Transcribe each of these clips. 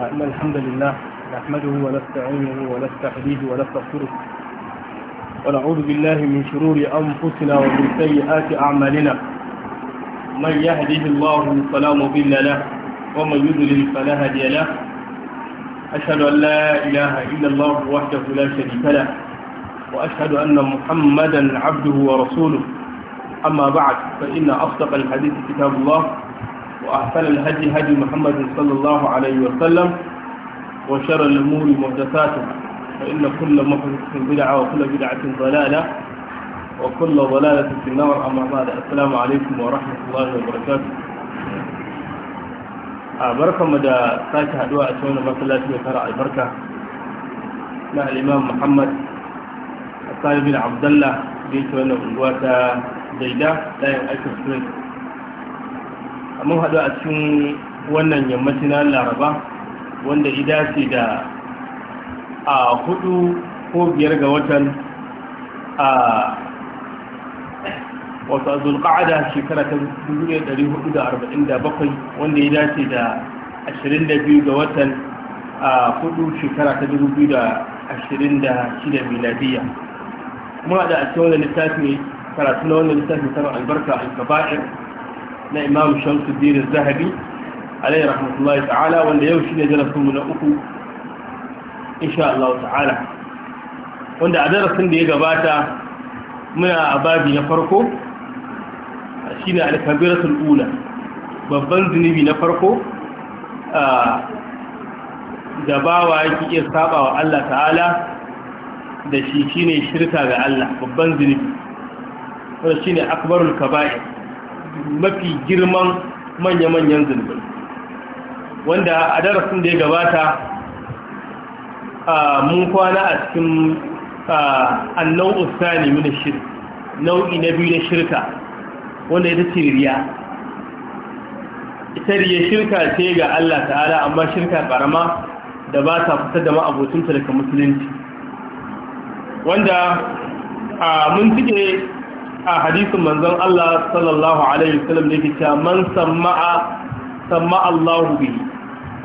إن الحمد لله نحمده ونستعينه ونستحديه ونستغفره ونعوذ بالله من شرور أنفسنا ومن سيئات أعمالنا من يهده الله فلا مضل له ومن يضلل فلا هادي له أشهد أن لا إله إلا الله وحده لا شريك له وأشهد أن محمدا عبده ورسوله أما بعد فإن أصدق الحديث كتاب الله وأحسن الهدي هدي محمد صلى الله عليه وسلم وشر الأمور محدثاتها فإن كل محدثة بدعة وكل بدعة ضلالة وكل ضلالة في النار أما بعد السلام عليكم ورحمة الله وبركاته أبركة مدى ساكة أدواء أشوانا مسلاة وفرع البركة مع الإمام محمد الثاني بن عبد الله بيت وانا أنواتا ديدا لا يؤكد سنة mun haɗu a cikin wannan yammaci na laraba wanda ida ce da a hudu ko biyar ga watan a shekara ta 1447 wanda ya dace da 22 ga watan a hudu shekara ta 2026 miladiya a cikin wani littafi karatu na wani littafi sama albarka al-kaba'ir na imam shamsuddin zahabi alayhi rahmatullahi ta'ala wanda yau shine darasinmu na uku insha Allah ta'ala wanda a darasin da ya gabata muna a babi na farko shine al-kabiratul ula babban zunubi na farko da bawa yake iya saba wa Allah ta'ala da shi shine shirka ga Allah babban zunubi wanda shine akbarul kaba'ir mafi girman manya-manyan zunubi wanda a darasin da ya gabata mun kwana a cikin annan sani mini shir nau'i na biyu na shirka wanda ya ce riya ita riya shirka ce ga Allah ta'ala amma shirka karama da ba ta fita da ma'abocinta daga musulunci wanda mun cike a hadisin manzon Allah sallallahu alaihi wasallam da yake cewa man sama'a sama'a Allah bi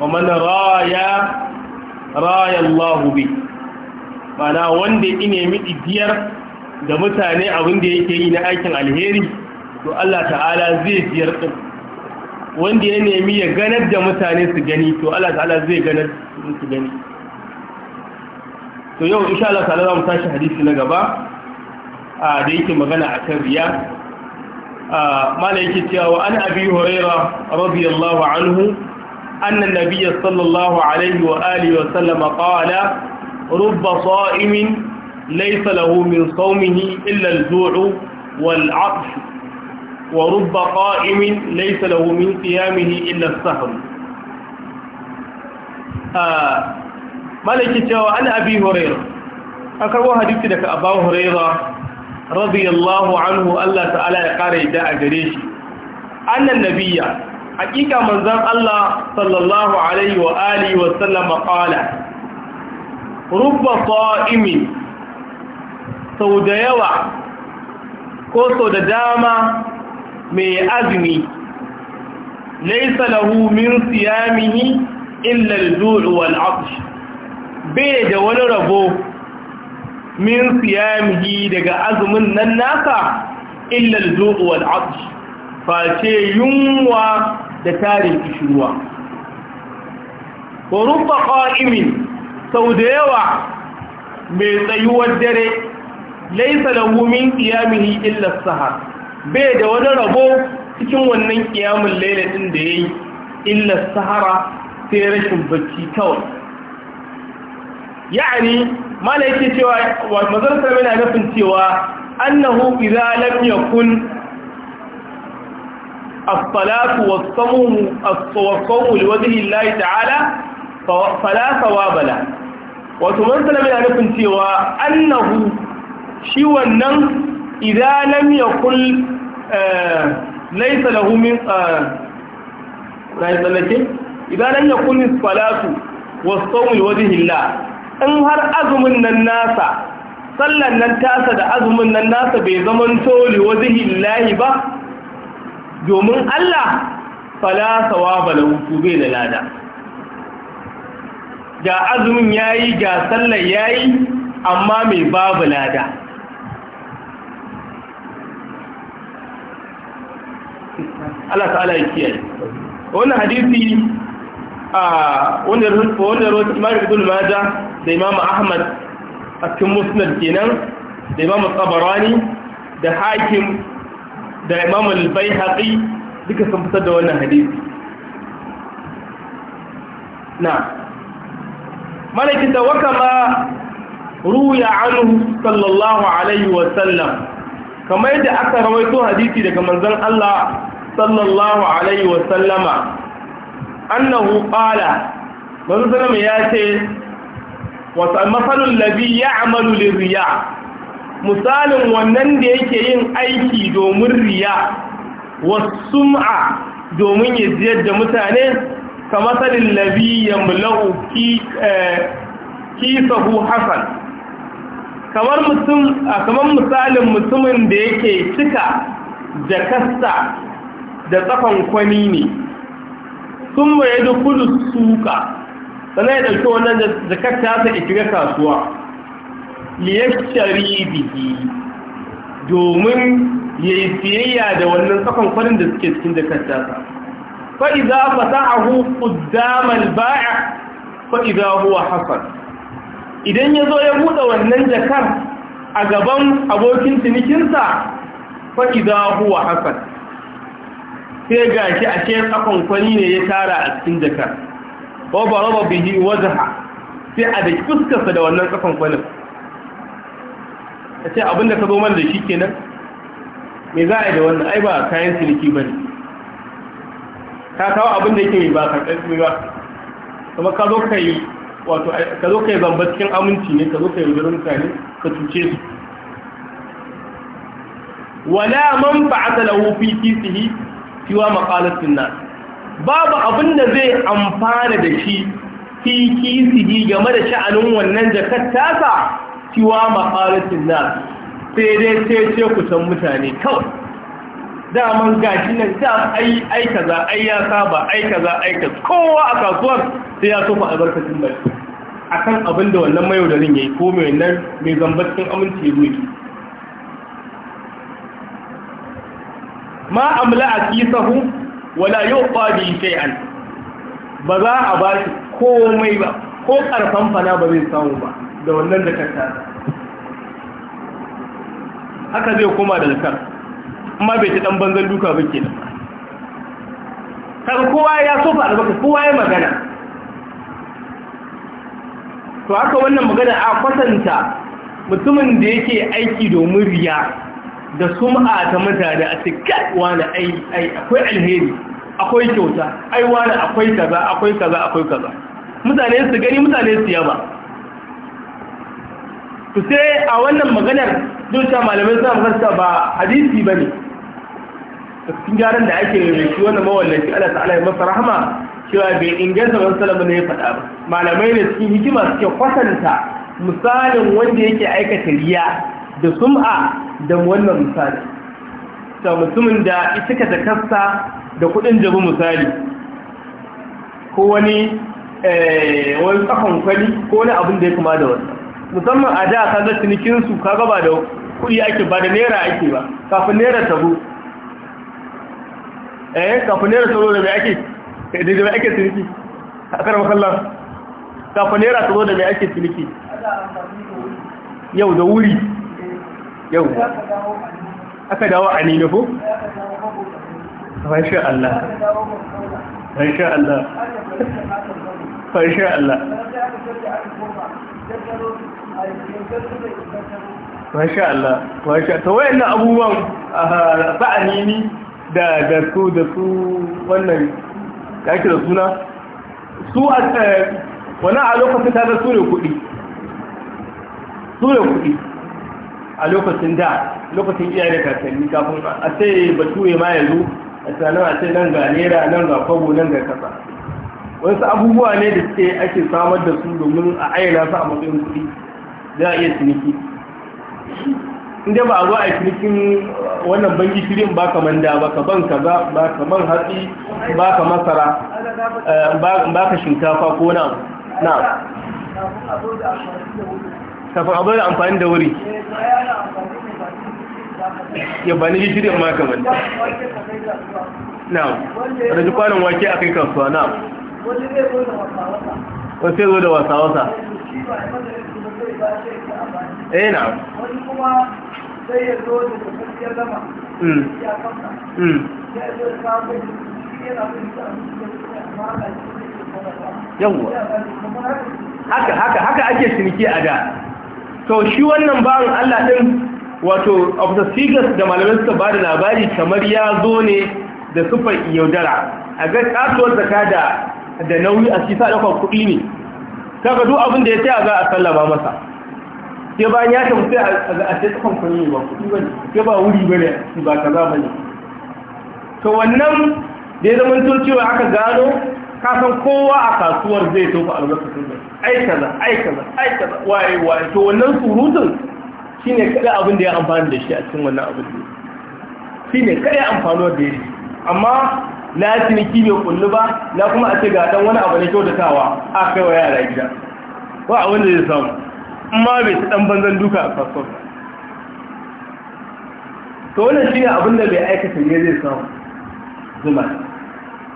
wa man raya raya Allah bi mana wanda ya nemi idiyar da mutane abin da yake yi na aikin alheri to Allah ta'ala zai jiyar din wanda ya nemi ya ganar da mutane su gani to Allah ta'ala zai ganar su gani to yau insha Allah ta'ala za mu tashi hadisi na gaba da yake magana akan riya mala yake cewa an abi huraira radiyallahu anhu anna nabiyya sallallahu alaihi wa alihi wa sallama qala rubba sa'imin laysa lahu min sawmihi illa al-ju'u wal 'atsh wa rubba qa'imin laysa lahu min qiyamihi illa as-sahr malaki cewa an abi huraira an karbo hadisi daga abu huraira radiyallahu anhu Allah ta'ala ya kare da a gare shi annan nabiyya hakika manzon Allah sallallahu alaihi wa alihi wa sallama qala rubba sau da yawa ko sau da dama mai azumi laisa lahu min siyamihi illa al-ju' wal 'atsh bai da wani rabo min siyamihi daga azumin nan nasa illal al-zu'u wal face yunwa da tarin kishuwa wa rubba qa'imin sau da yawa mai tsayuwar dare laisa lahu min qiyamihi illa sahar bai da wani rabo cikin wannan qiyamul layl din da yayi illa sahara sai rashin bacci kawai yani mala yake cewa wa mazalta yana nufin cewa annahu idza lam yakun as-salatu was-sawmu as-sawmu liwajhi Allah ta'ala fala thawaba la wato mazalta yana nufin cewa annahu shi wannan idza lam yakun eh, laysa lahu min na yi tsallake lam yakun as-salatu was-sawmu liwajhi Allah in har azumin nan nasa sallan nan tasa da azumin nan nasa bai zaman toli wa lahi ba domin Allah falasawa ba da hutu bai da lada ga azumin ya yi ga sallan ya yi amma mai babu lada Allah ta'ala ya kiyaye wannan hadisi Wani wanda rawar imam ibn maja da imam ahmad a cikin musnad kenan da imam tsabarani da hakim da imam albai haƙi duka sun fitar da wannan hadisi na malakin da waka ma ruya anhu sallallahu alaihi wasallam kamar yadda aka rawaito hadisi daga manzan Allah sallallahu alaihi wasallama annahu qala manzo sallam ya ce wa masalul ladhi ya'malu liriya misalin wannan da yake yin aiki domin riya suma domin ya ziyar da mutane ka masalin labi ya mulau kisahu hasan kamar misalin mutumin da yake cika jakasta da tsakon kwani ne sun mai da kudu suka sannan ya ɗauki wannan zakar ta sa shiga kasuwa liyashari biki domin ya yi siyayya da wannan tsakon kwanin da suke cikin zakar ta sa fa'iza fata a hukudamal baya fa'iza huwa hasan idan ya zo ya buɗe wannan zakar a gaban abokin cinikinsa fa'iza huwa hasan sai ga shi a cikin kwani ne ya tara a cikin jaka, ko ba raba bihi wajaha sai a da fuskarsa da wannan akonkwanin a ce abinda ka zo man da shi kenan me za a yi da wannan ai ba kayan siliki ba ne ka kawo abinda yake mai ba karɓar ba kuma ka zo ka yi wato ka zo ka yi zamba cikin aminci ne ka zo ka yi wujerin mutane ka cuce su wala man ba'ata lahu fi kisihi siwa maqalatin nan, babu abin da zai amfana da shi fi kisihi game da sha'anin wannan jakar tasa siwa maqalatin nan, sai dai sai ce ku san mutane kawai daman gashi nan da ai ai kaza ai ya saba ai kaza ai kowa a kasuwar sai ya tofa albarkacin bai akan abin da wannan mayaudarin yi ko mai wannan mai zambacin aminci ruwa ma amla a kisahu wala yau yuqta sai an ba za a ba shi komai ba ko karfan fana ba zai samu ba da wannan da kanta haka zai koma da zakar amma bai ci dan banzan duka ba ke da. kan kowa ya sofa albaka kowa ya magana to haka wannan magana a kwatanta mutumin da yake aiki domin riya da sum'a ta mutane a cikin wani ai ai akwai alheri akwai kyauta ai wani akwai kaza akwai kaza akwai kaza mutane su gani mutane su yaba to sai a wannan maganar dukkan malamai suna makarta ba hadisi bane cikin gyaran da ake yi shi wannan mawallafi Allah ta'ala ya masa rahama cewa bai inganta wani salama ne ya faɗa ba malamai ne cikin hikima suke kwatanta misalin wanda yake aikata riya da sum'a da wannan misali ta mutumin da ita ka zakasta da kudin jabi misali ko wani eh, wani tsakon kwali ko wani abin da ya kuma da wasu musamman a da ka zai cinikinsu ka gaba da kudi ake ba da naira ake ba kafin naira tabo eh kafin naira tabo da mai ake da mai ake ciniki a karamar kallon kafin naira tabo da mai ake ciniki yau da wuri yau aka dawo a nina ko? Masha Allah. Masha Allah. Masha Allah. Masha Allah. Masha Ta wayan na abubuwan sa'anini ah, da da su da su wannan kake da suna su a eh, wani a lokacin ta da su ne kuɗi. Su ne kuɗi. a lokacin da lokacin iyaye da kakanni kafin a sai bature ma yanzu a sanar a sai nan ga naira nan ga kwabo nan ga kasa wasu abubuwa ne da suke ake samar da su domin a ayyana su a matsayin kuɗi za a iya ciniki inda ba a zo a yi cinikin wannan bangi shirin ba ka da ba ka ban kaza ba ka ban hatsi ba ka masara eh, ba ka shinkafa ko na na kafin a da amfani da wuri ya bani ji shirin maka wani na ji kwanan wake a kai kasuwa na wani sai zo da wasa-wasa eh na wani kuma ya zo da ya kamta hmm. hmm. yawwa haka haka haka ake ciniki a da to shi wannan ba'an Allah din wato of the figures da malamai suka ba da labari kamar ya zo ne da sufar yaudara a ga kasuwar zaka da da nauyi a cikin sadaukar kuɗi ne kaga duk abin da ya ce a ga a sallama masa sai ba ya ta sai a ce tsakon kuɗi ba kuɗi ba ne sai ba wuri ba ne ba kaza ba ne to wannan da ya zama cewa aka gano kasan kowa a kasuwar zai tofa albarkacin da ai kaza ai kaza ai kaza waye waye to wannan surutun shine kada abin da ya amfani da shi a cikin wannan abin da shine kada ya amfano da shi amma na ciniki mai kullu ba na kuma a ce ga dan wani abu na kyautatawa a kai wa yara gida ba abin da zai samu amma bai ta dan banzan duka a kasuwa to wannan shine abin da bai aikata ne zai samu zuma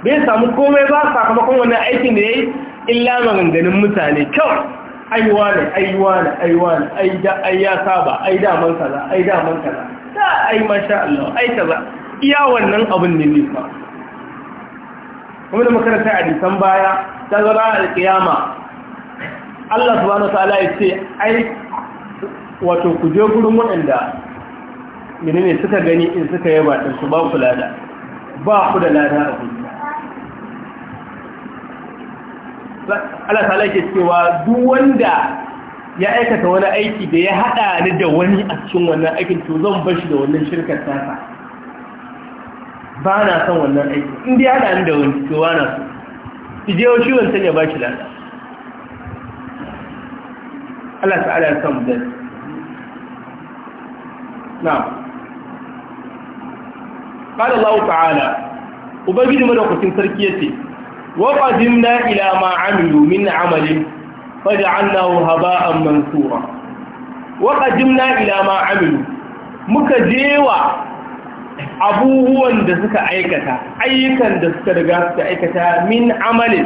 bai samu komai ba sakamakon wannan aikin da ya yi illa maganganun mutane kyau aiwa ne aiwa ne aiwa ne ai ya saba ai daman kaza ai daman kaza ta ai masha Allah ai kaza iya wannan abin ne nifa kuma da makaranta a disan baya ta zara a kiyama Allah subhanahu wa ta'ala ya ce ai wato ku je gurin waɗanda menene suka gani in suka yaba din su ba ku lada ba ku da lada a kuma Allah ta laike cewa duk wanda ya aikata wani aiki da ya hada ni da wani a cikin wannan aikin to zan bar shi da wannan shirkar tasa ba na son wannan aiki in dai hada ni da wani to ba na so ki je shi wancan ya ba shi lada Allah ta'ala ya san da na قال الله تعالى ubangiji madaukakin sarki yace وقدمنا إلى ما عملوا من عمل فجعلناه هباء منثورا وقدمنا إلى ما عملوا مكجيوة abubuwan da suka aikata ayyukan da suka riga suka aikata min amalin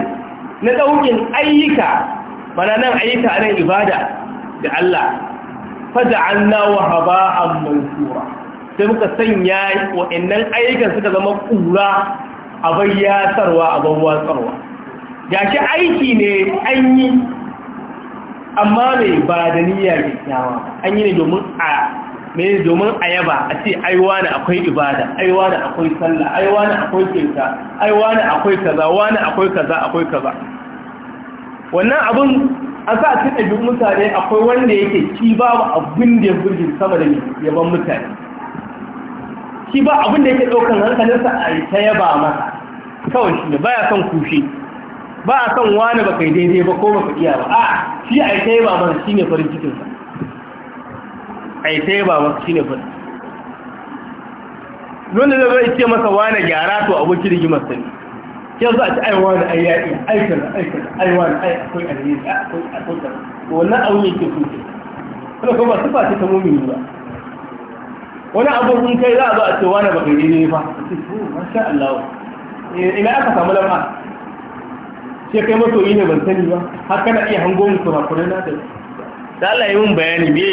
na ɗaukin ayyuka mana nan ayyuka nan ibada da Allah faja an nawa haba a mansura sai muka sanya waɗannan ayyukan suka zama kura. abin tsarwa, abin watsarwa ya shi aiki ne an yi amma ne ba da niyya kyawa. an yi ne domin a mai domin a yaba a ce aiwa na akwai ibada aiwa na akwai sallah aiwa na akwai kinta aiwa na akwai kaza wani akwai kaza akwai kaza wannan abin a sa a cikin mutane akwai wanda yake ci babu abin da ya burgin sama da yaban mutane shi ba abin da yake ɗaukan hankalinsa a yi ta yaba masa kawai shi ne ya son kushe ba a son wani ba kai daidai ba ko ba iya ba a shi a yi ta yaba masa shi ne farin cikinsa a yi ta yaba masa shi ne farin wanda zai zai ce masa wani gyara to abokin rigimar sa ne za a ci ai wani ai yaƙi ai aikata ai wani ai akwai alheri akwai akwai wannan abin yake kushe kuma ba su fata ta mumini ba wani abu in kai za a zo a ce wani baka ne ba masha Allah eh, ina aka samu lamar ce kai yi ne ban sani ba har kana iya hango mu kurakurai na da da Allah yi mun bayani me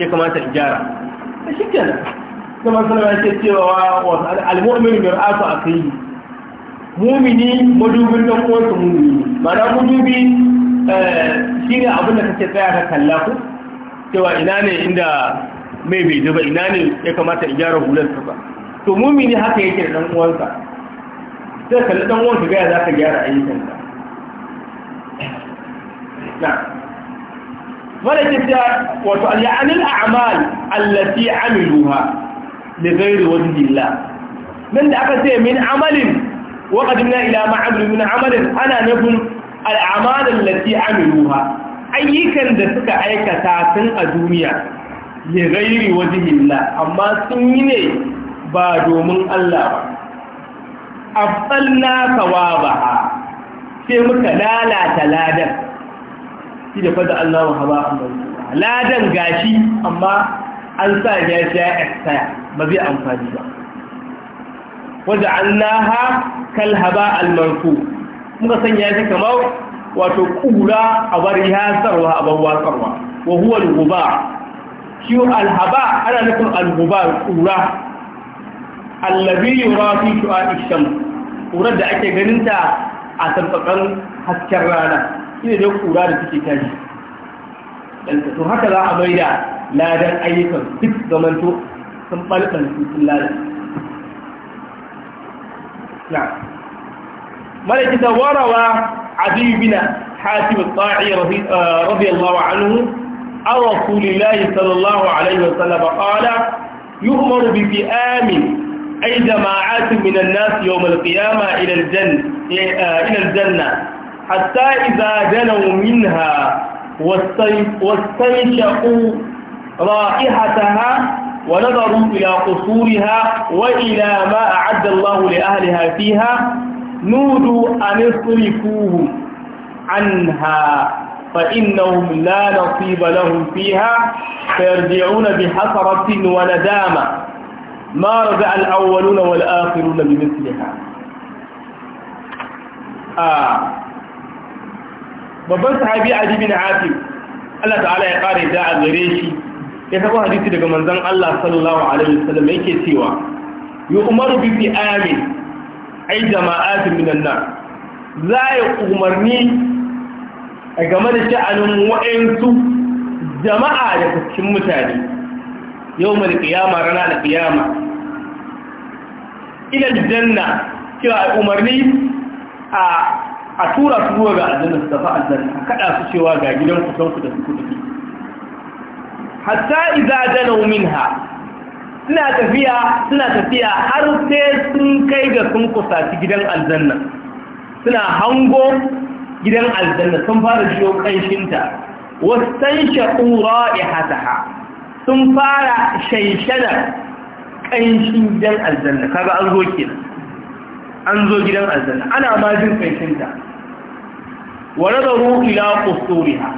ya kamata in gyara a shi kenan kuma sun ya ce cewa al-mu'min mir'atu akhihi mumini madubin dan uwansa mumini ma'ana mudubi eh, shine abin da kake tsaya ka kalla ku cewa ina ne inda mai bai ji ba ina ne ya kamata in gyara hularsa ba to mumini haka yake da dan uwansa zai kalli dan uwansa ga za ka gyara ayyukanta. na wala kitta wato al-ya'ani al-a'mal allati 'amiluha li ghairi wajhi Allah nan da aka ce min amalin wa qadimna ila ma 'amilu min amalin ana nufin al-a'mal allati 'amiluha ayyukan da suka aikata tun a duniya li ghairi wajhillah amma sun yi ne ba domin Allah ba afdalna thawabaha sai muka lalata ladan shi da fada Allah wa haba ladan gashi amma an sa ya sha ba zai amfani ba wadda allaha kalhaba almarku muka sanya shi kamar wato kura a bari sarwa, a bawasarwa wa huwa guba shi alhaba ana nufin alhuba ƙura allabi yura fi shu'a isham ƙurar da ake ganin ta a sarfakan hasken rana shi ne ƙura da suke tashi to haka za a mai da ladan ayyukan duk zamanto sun ɓalɓal sun ladan ملكة وروى عدي بن حاتم الطاعي رضي الله عنه عن رسول الله صلى الله عليه وسلم قال يؤمر بفئام أي جماعات من الناس يوم القيامة إلى الجنة, إلى الجنة حتى إذا جنوا منها واستنشقوا رائحتها ونظروا إلى قصورها وإلى ما أعد الله لأهلها فيها نودوا أن اصرفوه عنها فإنهم لا نصيب لهم فيها فيرجعون بحسرة وندامة ما رجع الأولون والآخرون بمثلها babban sahabi Ali bin Hatim Allah ta'ala ya kare da a gare shi ya sabo hadisi daga manzon Allah sallallahu alaihi wasallam yake cewa yu'maru bi fi'amin ay jama'atin minan nar za ya umarni game da sha'anin wa'ansu jama'a da cikin mutane yau mai kiyama rana da kiyama da janna cewa umarni a a tura su zuwa ga aljanna su tafi aljanna a kada su cewa ga gidan kusan ku da su kudi hatta idza min minha suna tafiya suna tafiya har sai sun kai ga sun kusaci gidan aljanna suna hango gidan aljanna sun fara jiyo kanshinta wasan shaƙu ra'ihataha sun fara shaishana kanshin gidan aljanna kaga an zo kenan an zo gidan aljanna ana ma jin kanshinta wa nadaru ila qusuriha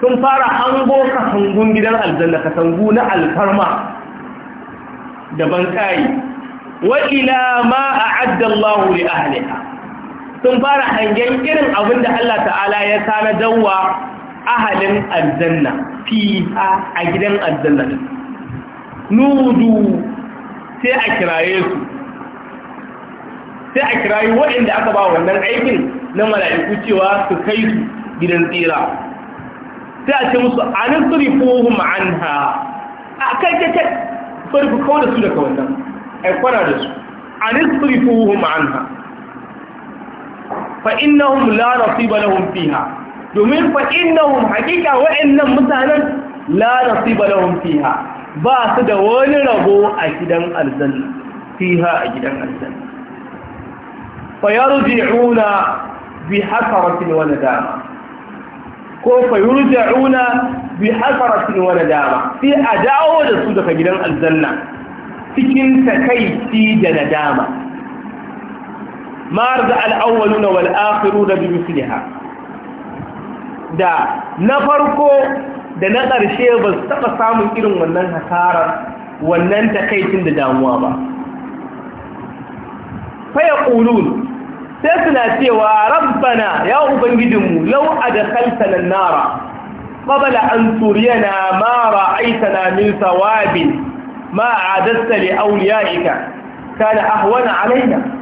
sun fara hango ka hangun gidan aljanna ka sangu na alfarma da bankai wa ila ma a'adda Allahu li ahliha sun fara hangen irin abin da Allah ta'ala ya tanadar wa ahalin aljanna fiha a gidan aljanna nudu sai a kiraye su sai a kiraye waɗanda aka ba wannan aikin na mala'iku cewa su kai su gidan tsira sai a ce musu anin ma'an ha, a kai kai kai surifu kawai da su daga wannan aikwara da su anin ma'an ha. fa innahum la nasiba lahum fiha domin fa innahum hakika wa'annan mutanen la nasiba lahum fiha ba su da wani rabo a gidan aljanna fiha a gidan aljanna fa yarji'una bi hasaratin wani dama, ko fa yurja'una bi hasaratin wani dama, sai a dawo da su daga gidan aljanna cikin takaici da nadama ma arza al'awwaluna walafiru da bi misliha da na farko da na ƙarshe ba su taɓa samun irin wannan hasarar wannan takaicin da damuwa ba faya ƙulun sai suna cewa rabbana ya ubangijinmu lau a da kaltanan nara ƙabala an turiyana mara aitana min sawabin ma a dasta le auliya'ika ta da ahwana alaina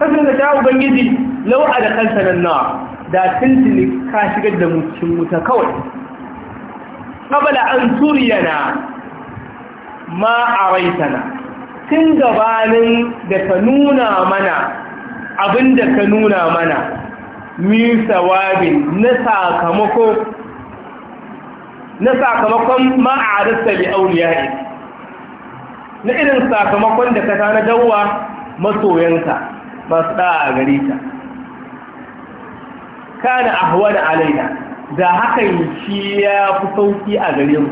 kasan da ta ubangiji lau a da kansa nan nawa da tuntuni ka shigar da mutum wuta kawai kabala an turiyana ma a raitana tun gabanin da ka nuna mana abin da ka nuna mana min wabi na sakamako na sakamakon ma'arista bi auliyayi na irin sakamakon da ka na dawa masoyanka masu da'a a gare ta kana da alaina da hakan shi ya fi sauki a gare mu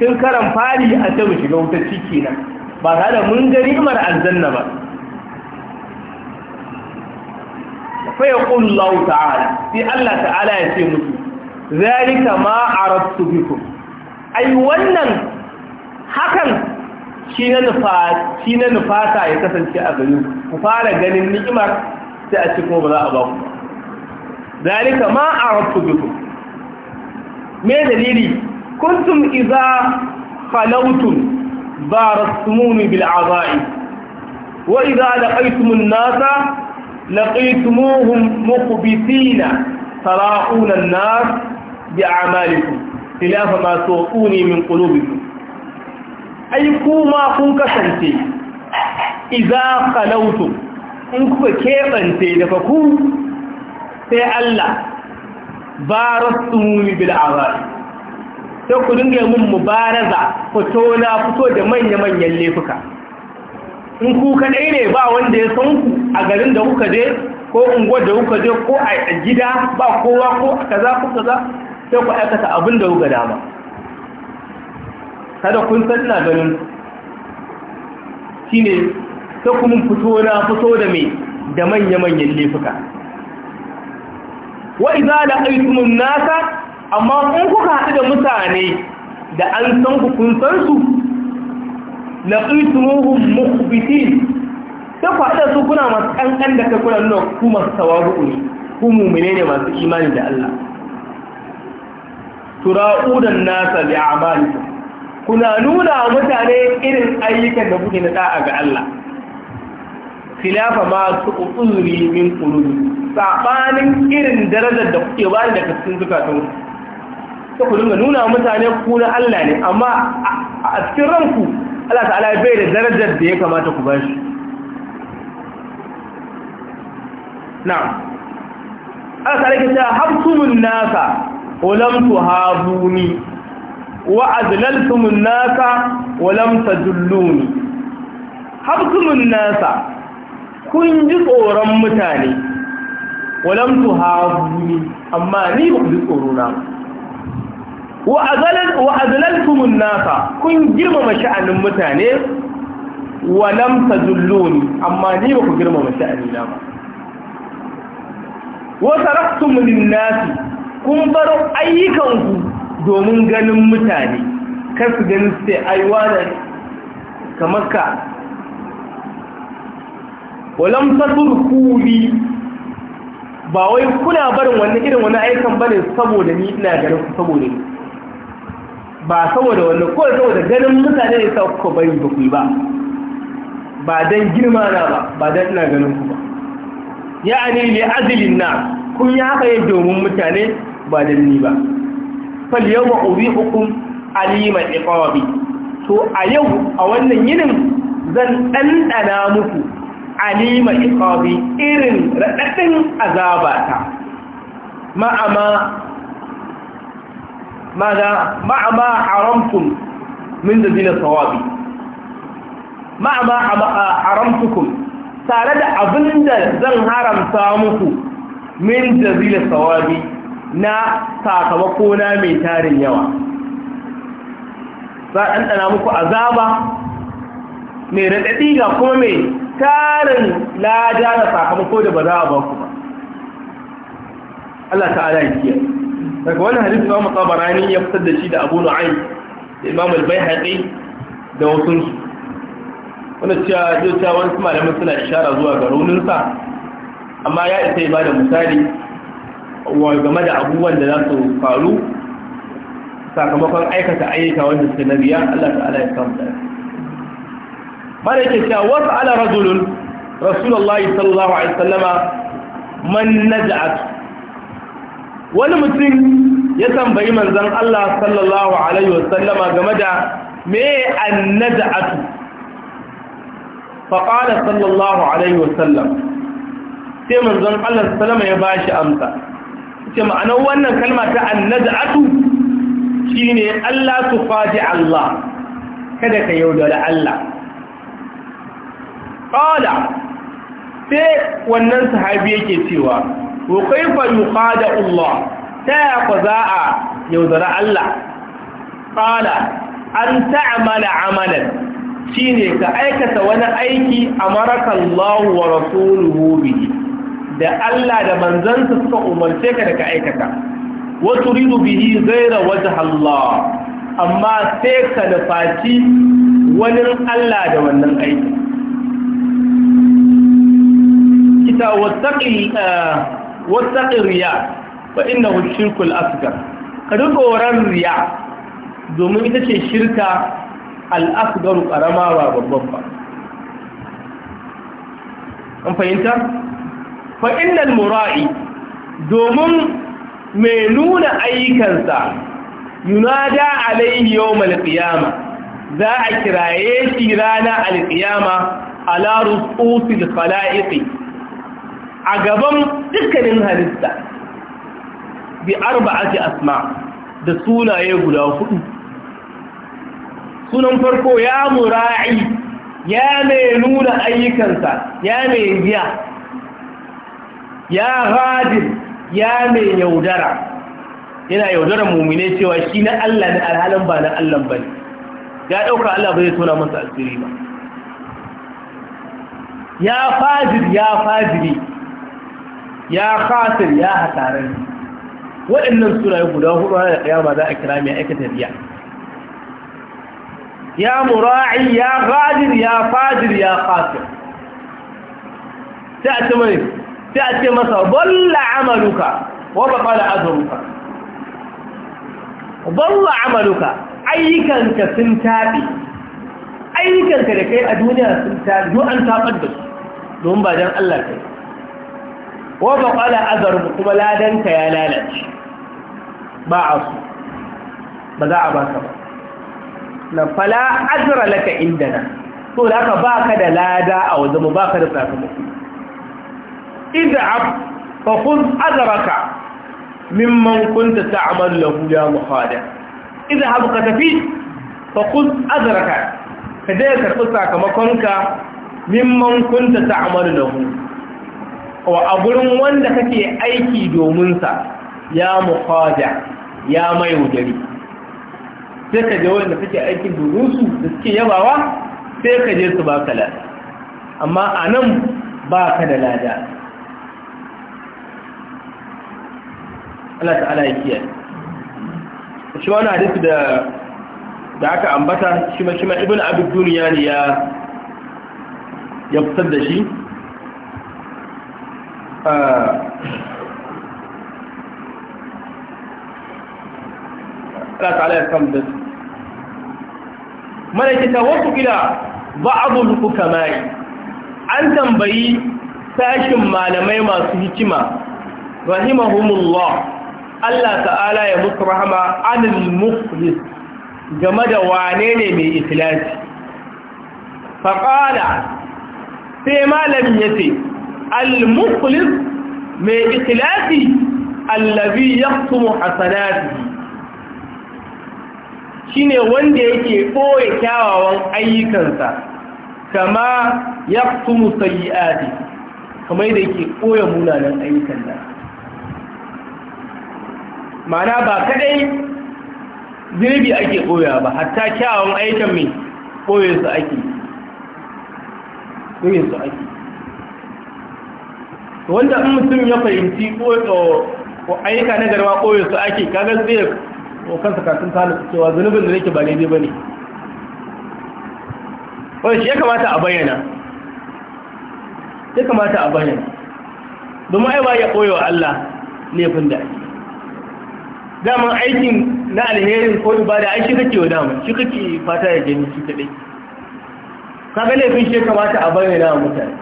tun karan fari a ta mu shiga wutar ciki nan ba tare da mun gani imar aljanna ba fa yaqulu Allah ta'ala sai Allah ta'ala ya ce musu zalika ma aradtu bikum ai wannan hakan shi na nufata ya kasance a gari ku fara ganin ni'imar sai a cikin ba za a ba ku zalika ma a rafu biku me dalili kuntum iza khalautun barattumuni bil azai wa iza laqaytumun nasa laqaytumuhum muqbitina tara'una an-nas bi a'malikum khilafa ma tu'uni min qulubikum ai kuma kun kasance iza kalautu in kuka keɓance daga ku sai Allah barastu ni bil azab sai ku dinga mun mubaraza fito na fito da manya-manyan laifuka in ku kadai ne ba wanda ya san ku a garin da kuka je ko unguwar da kuka je ko a gida ba kowa ko kaza kaza sai ku aikata abin da kuka dama kada kun san ina ganin shine ta kuma fito na fito da mai da manya-manyan laifuka wa iza da aitumun nasa amma kun kuka haɗu da mutane da an san ku kun san su la aitumuhum mukhbitin ta faɗa su kuna masu ƙanƙan da kakuna nuna ku masu tawaru'u ne ku mummune ne masu imani da Allah tura'udan nasa bi a'malikum kuna nuna wa mutane irin ayyukan da kuke na a ga Allah Filafa ma su uzuri min qulubi sabanin irin darajar da kuke bani daga cikin zukatan ku ku dinga nuna wa mutane ku na Allah ne amma a cikin ranku Allah ta'ala bai da darajar da ya kamata ku bashi na'am Allah ta'ala ke ta habtumun nasa ulam tuhabuni wa azlaltumun nasa wa lam tadulluni habtumun nasa kun ji tsoron mutane wa lam tuhabuni amma ni ba ku ji tsoro na wa azlaltumun nasa kun girmama sha'anin mutane wa lam tadulluni amma ni ba ku girmama sha'ani na ba wa taraktum nasi kun baro ayyukanku domin ganin mutane kar su ganin su ce ai wane kamar ka walam tasur kuli ba wai kuna barin wani irin wani aikan bane saboda ni ina ganin ku saboda ni ba saboda wani ko saboda ganin mutane ne sa ku bari ba ba ba dan girma na ba ba dan ina ganin ku ba ya'ani li azlin na kun yi haka ne domin mutane ba dan ni ba fal yawma ubihukum alima iqabi to a yau a wannan yinin zan ɗanɗana muku alima iqabi irin raɗaɗin azabata ma'ama ماذا مع ما حرمتم من ذين الثواب مع ما tare da abin da zan haramta muku min jazila sawabi na sakamako na mai tarin yawa za a ɗanɗana muku azaba mai raɗaɗi ga kuma mai tarin lada da sakamako da ba za a ba ku ba Allah ta'ala ya kiyar daga wani hadisi ba matsabarani ya fitar da shi da abu nu'ayi da imam albai haɗe da wasu su wanda cewa zai cewa wani malamin suna ishara zuwa ga sa. amma ya isa ba da misali Wa game da abubuwan da za su faru sakamakon aikata ayyuka wanda suke na biya Allah ta'ala ya samu da bada yake cewa wasu ala rajulun rasulullahi sallallahu alaihi wasallama man naj'at wani mutum ya tambayi manzon Allah sallallahu alaihi sallama game da me an naj'at fa qala sallallahu alaihi wasallam sai manzon Allah sallama ya bashi amsa ce ma'anar wannan kalma ta Shi ne Allah su faji Allah kada ka yaudara Allah qala sai wannan sahabi yake cewa wa kaifa yuqada Allah ta ya ku za a yaudara Allah qala an ta'mala amalan shine ka aikata wani aiki amarakallahu wa rasuluhu bihi da Allah da manzansa suka umarce ka da ka aikata wa turidu bihi ghayra wajh Allah amma sai ka nufaci wani Allah da wannan aiki kita wasaqi eh, wasaqi riya fa innahu shirkul asghar ka duka dukoran riya domin ita ce shirka al ƙarama ba babban ba an fahimta fa mura'i domin mai nuna ayyukansa yunada Alayhi yawmal qiyama za a kiraye shi rana alqiyama ala rususil khalaiqi a gaban dukkanin halitta bi arba'ati asma da sunaye guda hudu sunan farko ya mura'i ya mai nuna ayyukansa ya mai biya ya hadin ya mai yaudara yana yaudara mummune cewa shi na Allah ne alhalin ba na Allah ba ne ya ɗauka Allah bai tona masa asiri ba ya fajir ya fajiri ya khasir ya hasarar waɗannan sunaye guda hudu na da ƙiyama za a kira mai aikata riya ya mura'i ya ghadir ya fajir ya khasir sai a ci mai sai a ce masa balla amaluka wa baqala azruka balla amaluka ayyukanka sun taɓi. ayyukanka da kai a duniya sun taɓi. yo an taɓar da su don ba dan Allah kai wa baqala azruka kuma ladanka ya lalace ba a su ba za a ba ka ba na fala azra laka indana to da ka da lada a wajen mu ba ka da sakamako idab fa khudh azraka mimman kunta ta'mal lahu ya muhada idhab ka tafi fa khudh azraka ka dai karbi sakamakonka mimman kunta ta'mal lahu wa a gurin wanda kake aiki domin sa ya muhada ya mai wujari sai ka je wanda kake aikin domin su da suke yabawa sai ka je su baka lada amma anan baka da lada Allah ta'ala ya kiyaye shi wani hadisi da da aka ambata shi ma shi ma ibn abi duniya ne ya ya fitar da shi Allah ta'ala ya samu da malaikata wasu gida ila ba'dul hukama'i an tambayi sashin malamai masu hikima rahimahumullah Allah ta'ala ya muku rahama anil muflis game da wane ne mai ikhlasi faƙala sai Malami ya ce al-muflis mai ikhlasi allazi yaktumu hasanati shine wanda yake ɓoye kyawawan ayyukansa kama sayi adi, kamar da yake ɓoye munanan ayyukan mana ba kadai zirbi ake koya ba hatta kyawun aikin mai koye su ake koye su ake wanda in mutum ya fahimci ko aika na garba koye su ake kaga zai kansa sakatun tana cewa zunubin da nake ba daidai ba ne Wani shi ya kamata a bayyana ya kamata a bayyana domin aiwa ba ya koyo Allah laifin da ake daman aikin na alherin ko ibada ai shi kake wa daman shi kake fata ya gani shi kadai kaga laifin shi kamata a bayyana wa mutane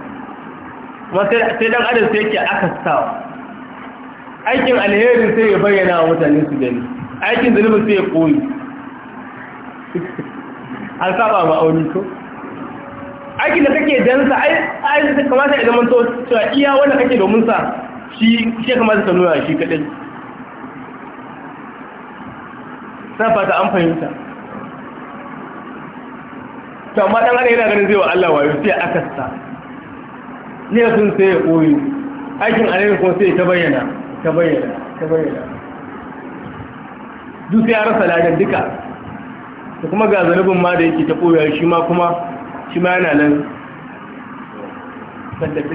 kuma sai dan adam sai yake sawa aikin alherin sai ya bayyana wa mutane su gani aikin zulubi sai ya koyi an saba ma auni ko aikin da kake dansa ai ai kamata ya mun to cewa iya wanda kake domin sa shi shi kamata ka nuna shi kadai na fata an fahimta to amma dan ana yana ganin zai wa Allah wayo sai aka sa ne sun sai ya koyi aikin alheri kuma sai ta bayyana ta bayyana ta bayyana duk sai ya rasa lajen duka ta kuma ga zanubin ma da yake ta koyar shi ma kuma shi ma yana nan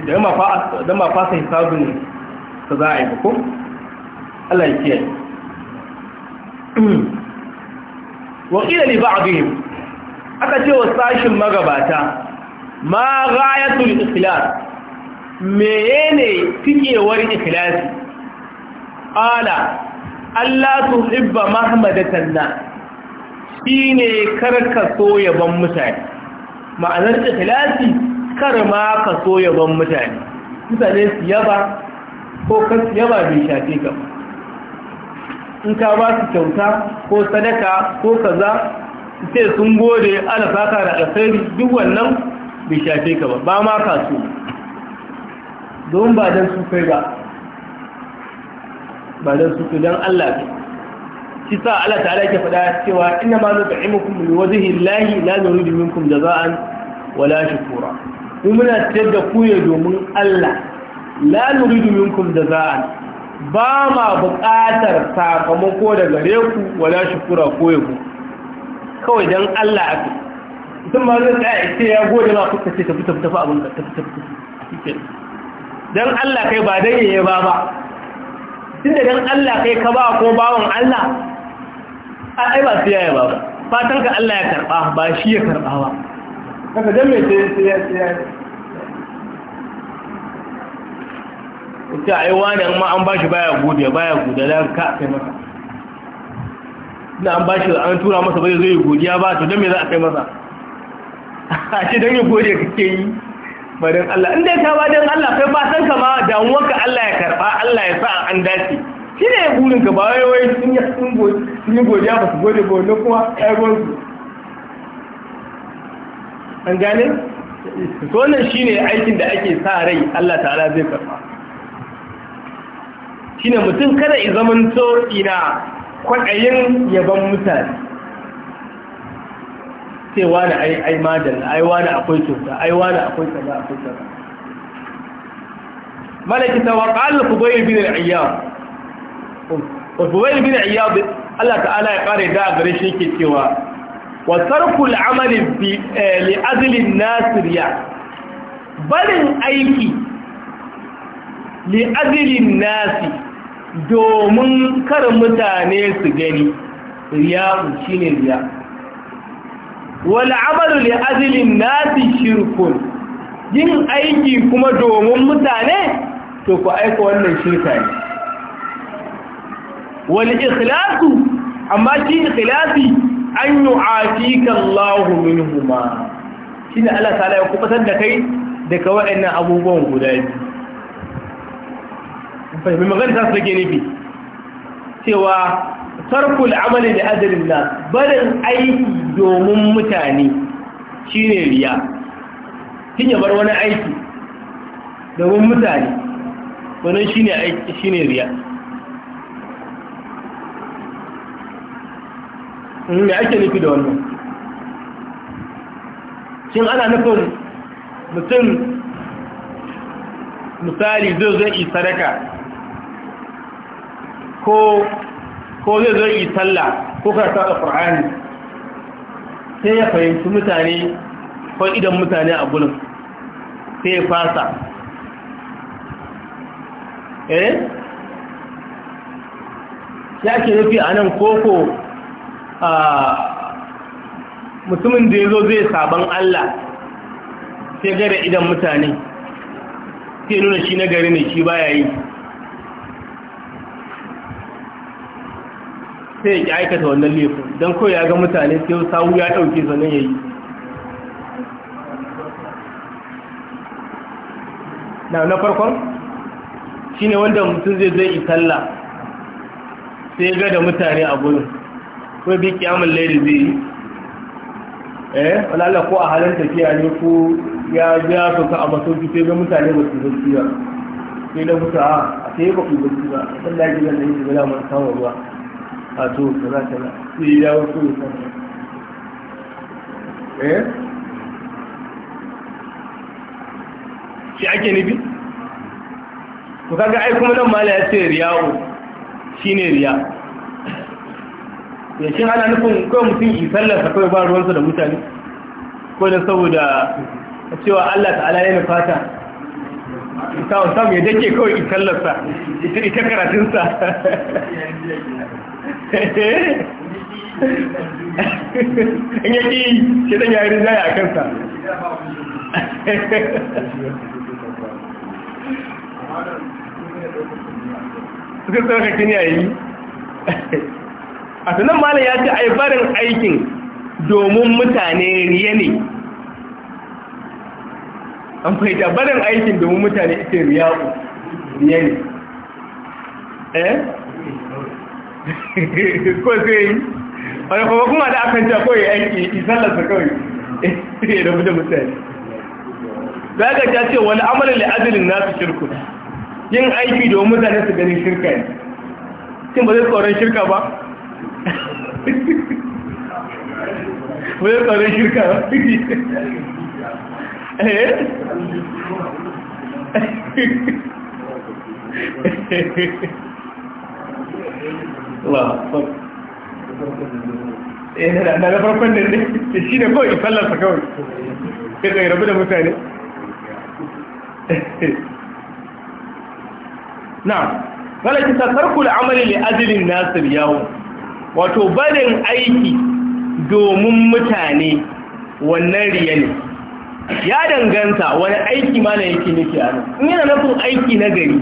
da ma fasa hisabin ka za a yi ba ko Allah ya kiyaye waƙila li ba'dihim aka ce wa sashin magabata ma ghayatul ikhlas ne fikewar ikhlasi ala Allah tuhibba mahmadatan na shine karka so mutane ma'anar ikhlasi kar ma ka soya yaban mutane mutane su yaba ko kan yaba bai shafe ka in ka ba su kyauta ko sadaka ko kaza sai sun gode ala da alkhairi duk wannan bai shafe ka ba ba ma ka so don ba dan su kai ba ba dan su kai dan Allah ne shi sa Allah ta'ala yake faɗa cewa inna ma nut'imukum li wajhi llahi la nuridu minkum jaza'an wala shukura mu muna tayar da ku ya domin Allah la nuridu minkum jaza'an ba ma buƙatar sakamako da gare ku wala shukura ko ku kawai don Allah a mutum ba zai ta ce ya gode ma kuka ce tafi tafi tafi abin da tafi tafi fita. don Allah kai ba don yaye ba ba tunda don Allah kai ka ba ko bawon Allah ai ba su yaya ba ba fatan ka Allah ya karɓa ba shi ya karɓa ba kaka don mai sai ya sai ya ita yi wani an ma an bashi baya gode baya gode da ka kai masa ina an bashi an tura masa bai zai godiya ba to dan me za a kai masa a ce dan ya gode kake yi ba dan Allah in dai ka ba dan Allah kai ba san ka ma damuwar ka Allah ya karba Allah ya sa an dace shi ne burin ka ba wai wai sun yi sun gode sun yi godiya ba su gode ba wannan kuma ai gonsu an gane to wannan shine aikin da ake sa rai Allah ta'ala zai karba shine mutum kada i zamanto ina kwaɗayin yaban mutane sai wani ai ai madal ai wani akwai cuta ai wani akwai kaza akwai kaza malaki ta ku fudayl bin al ku fudayl bin al-ayyab Allah ta'ala ya kare da gare shi yake cewa wa tarkul amali bi eh, li ajli an-nas barin aiki li ajli an domin kar mutane su gani riya'u shine riya wal amalu li azlin nasi shirkun yin aiki kuma domin mutane to ku aika wannan shirka ne wal ikhlasu amma shi ikhlasi an yu'afika Allah minhuma shine Allah ta'ala ya kubatar da kai daga waɗannan abubuwan guda biyu fahimmi magana ta su take nufi cewa tarkul amali da adalin na barin aiki domin mutane shi ne riya Shin ya bar wani aiki domin mutane wannan shi ne aiki shi ne riya hmm, me ake nufi da wannan shin ana nufin mutum misali zai zai sadaka ko ko zai zo yi talla, ko karanta alqur'ani sai ya fahimci mutane ko idan mutane a gurin sai ya fasa eh ya ke nufi a nan koko a mutumin da ya zo zai sabon Allah sai da idan mutane sai nuna shi na gari ne shi baya yi sai ya ƙi aikata wannan laifin don kawai ya ga mutane sai sawu ya ɗauke sannan ya yi na farkon shi ne wanda mutum zai zai italla sai ga da mutane a gudun ko bi kyamun lairi zai yi eh walala ko a halin tafiya ne ko ya biya su ka a masauki sai ga mutane ba su zai sai na mutu ah, a sai ba ku zai ba a tsalla gidan yi zai zai zai ruwa a to ka za ka sai ya wuce wuta eh shi ake nufi ku kaga ai kuma nan mala ya ce riya'u shine riya ya shi hana nufin kawai mutum isallarsa kai, ba ruwansa da mutane ko da saboda cewa Allah ta'ala yana fata samun samun ya dake kawai isallarsa ita karatunsa in ƙi shi ɗan yari zai a kansa suka tsarka kini a yi a sanan malam ya ce ai barin aikin domin mutane riye ne an fahimta barin aikin domin mutane ita riya riye ne eh ko sai yi wani kuma kuma da aka ja kawai aiki isallarsa kawai ya eh, rabu da mutane za ka ta ce wani amalin la'adilin nasu shirku yin aiki domin mutane su ganin shirka ne cin ba zai tsoron shirka ba ba zai tsoron shirka ba eh na da farkon da ne shi ne kawai sallarsa kawai ya kai rabu da mutane na falaki ta da amali ne ajilin nasir yawon wato barin aiki domin mutane wannan riya ne ya danganta wani aiki ma na yake nufi a nan in yana nufin aiki na gari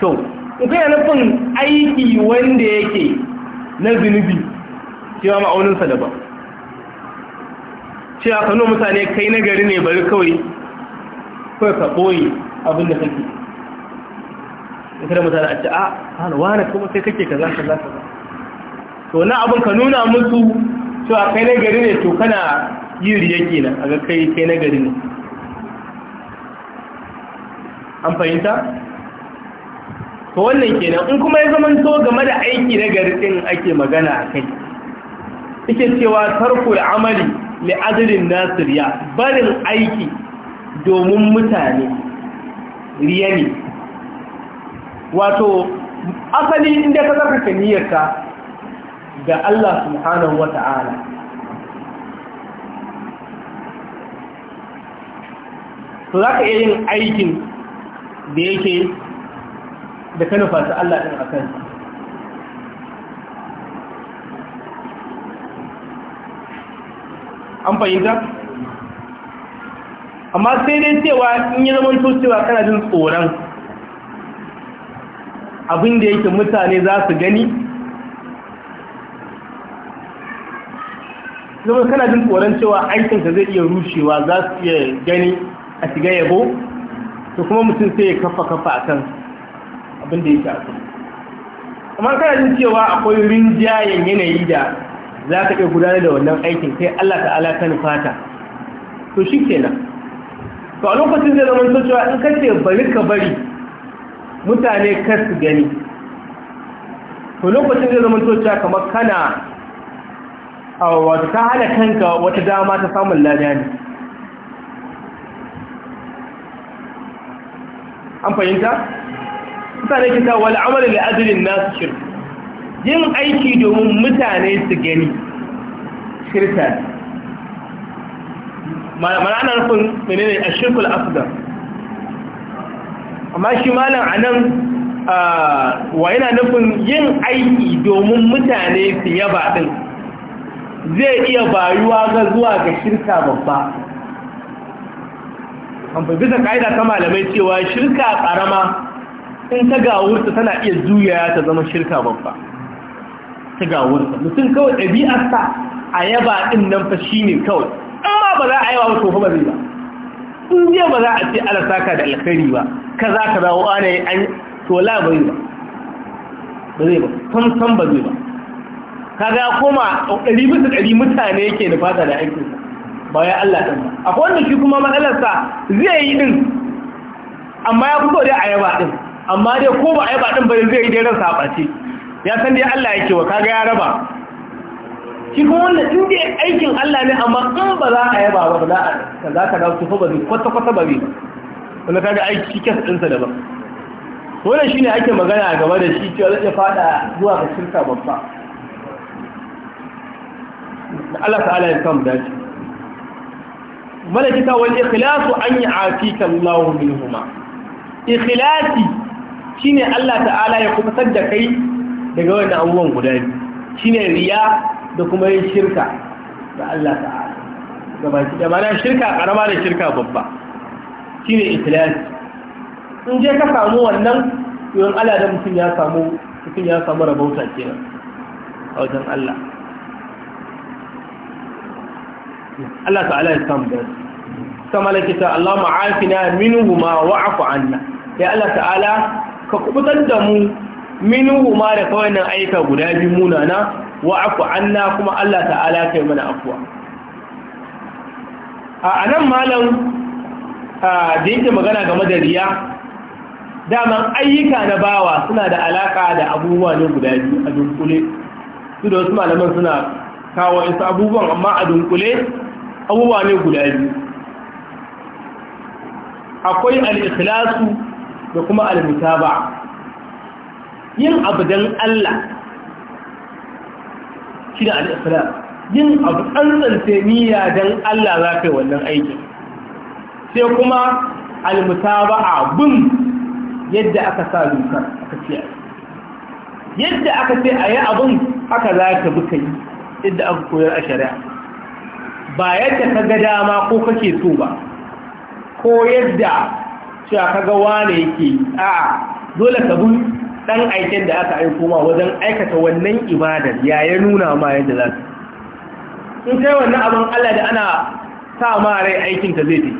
to yana nufin aiki wanda yake na zunubi cewa ma'auninsa daban cewa kano mutane kai na gari ne bari kawai kawai ka ɓoye abin da kake in kada mutane a ce a ah, hana wane kuma sai kake kaza kaza kaza to na abin ka nuna musu cewa kai na gari ne to kana yi riya kenan a ga kai kai na gari ne an fahimta to wannan kenan in kuma ya zama to game da aiki na garkin ake magana a kai ike cewa da amali li adalin nasiriya barin aiki domin mutane riya ne wato asali inda ka zaka niyyarka ga Allah subhanahu wata'ala to zaka iya yin aikin da yake da ka nufa ta Allah ɗin a kansa an fahimta amma sai dai cewa in yi zaman cewa kana jin tsoron abin da yake mutane za su gani zama kana jin tsoron cewa aikinka zai iya rushewa za su iya gani a shiga yabo to kuma mutum sai ya kafa kafa a kansu abin da yake akwai amma kana jin cewa akwai rinjayen yanayi da za ka iya gudanar da wannan aikin sai Allah ta'ala ta nufata to shi kenan to a lokacin zai zama cewa in kace bari ka bari mutane kar su gani to lokacin zai zama cewa kamar kana a wata ta hana kanka wata dama ta samun lada ne an fahimta sa ne kita wal amali li ajlin nas shirk yin aiki domin mutane su gani shirka mana ana nufin menene shirka asghar amma shi malam anan wa yana nufin yin aiki domin mutane su yaba din zai iya bayuwa ga zuwa ga shirka babba bisa ka'ida ta malamai cewa shirka karama in ta gawurta tana iya juyaya ta zama shirka babba ta gawurta mutum kawai ɗabi'arsa a yaba ɗin nan fa shi ne kawai amma ba za a yaba ba tofa ba zai ba in biya ba za a ce ala saka da alkhairi ba ka za ka dawo ana yi an tola ba ba ba zai ba samsam ba zai ba ka ya koma ɗari bisa ɗari mutane yake da fata da aikinsa ba ya Allah ɗin ba akwai wanda shi kuma matsalarsa zai yi ɗin amma ya fito da a yaba ɗin amma dai ko ba a yi ba ɗin bari zai yi dai ransa a ɓace ya san dai Allah yake wa kaga ya raba shi kuma wannan in dai aikin Allah ne amma in ba za a yaba ba ba za ka dawo su ba zai kwata-kwata ba zai wanda kaga aiki kes ɗinsa daban wannan shine ake magana a gaba da shi cewa zai fada zuwa ga shirka babba Allah ta'ala ya samu dace malaki ta wal ikhlasu an ya'afika Allahu minhuma ikhlasi Shi ne Allah ta'ala ya kuma da kai daga wannan abubuwan guda biyu ne riya da kuma yin shirka da Allah ta'ala gabaki da mana shirka karama da shirka babba Shi shine ikhlasi in je ka samu wannan yawan Allah da mutum ya samu mutum ya samu rabauta kenan a wajen Allah Allah ta'ala ya samu da kama lake ta Allah ma'afina minhu ma wa'afu anna ya Allah ta'ala ka kubutar da mu minuhu ma da kawai nan aika guda biyu munana wa afu anna kuma Allah ta'ala kai mana afuwa a anan malam da yake magana game da riya daman ayyuka na bawa suna da alaka da abubuwa ne guda biyu a dunkule su da wasu malaman suna kawo isa abubuwan amma a dunkule abubuwa ne guda biyu akwai al-ikhlasu da kuma almutaba yin abu don Allah shi da al'islam yin abu an tsantsance niyya don Allah za ka yi wannan aikin sai kuma almutaba a bin yadda aka sa dokar aka ce yadda aka ce a yi abin aka za ka buka yi yadda aka koyar a shari'a ba yadda ka ga dama ko kake so ba ko yadda cewa kaga wane yake a'a dole ka bi dan aikin da aka aiko ma wajen aikata wannan ibadar ya ya nuna ma yadda za su in kai wannan abin Allah da ana sa ma rai aikin ka zai tafi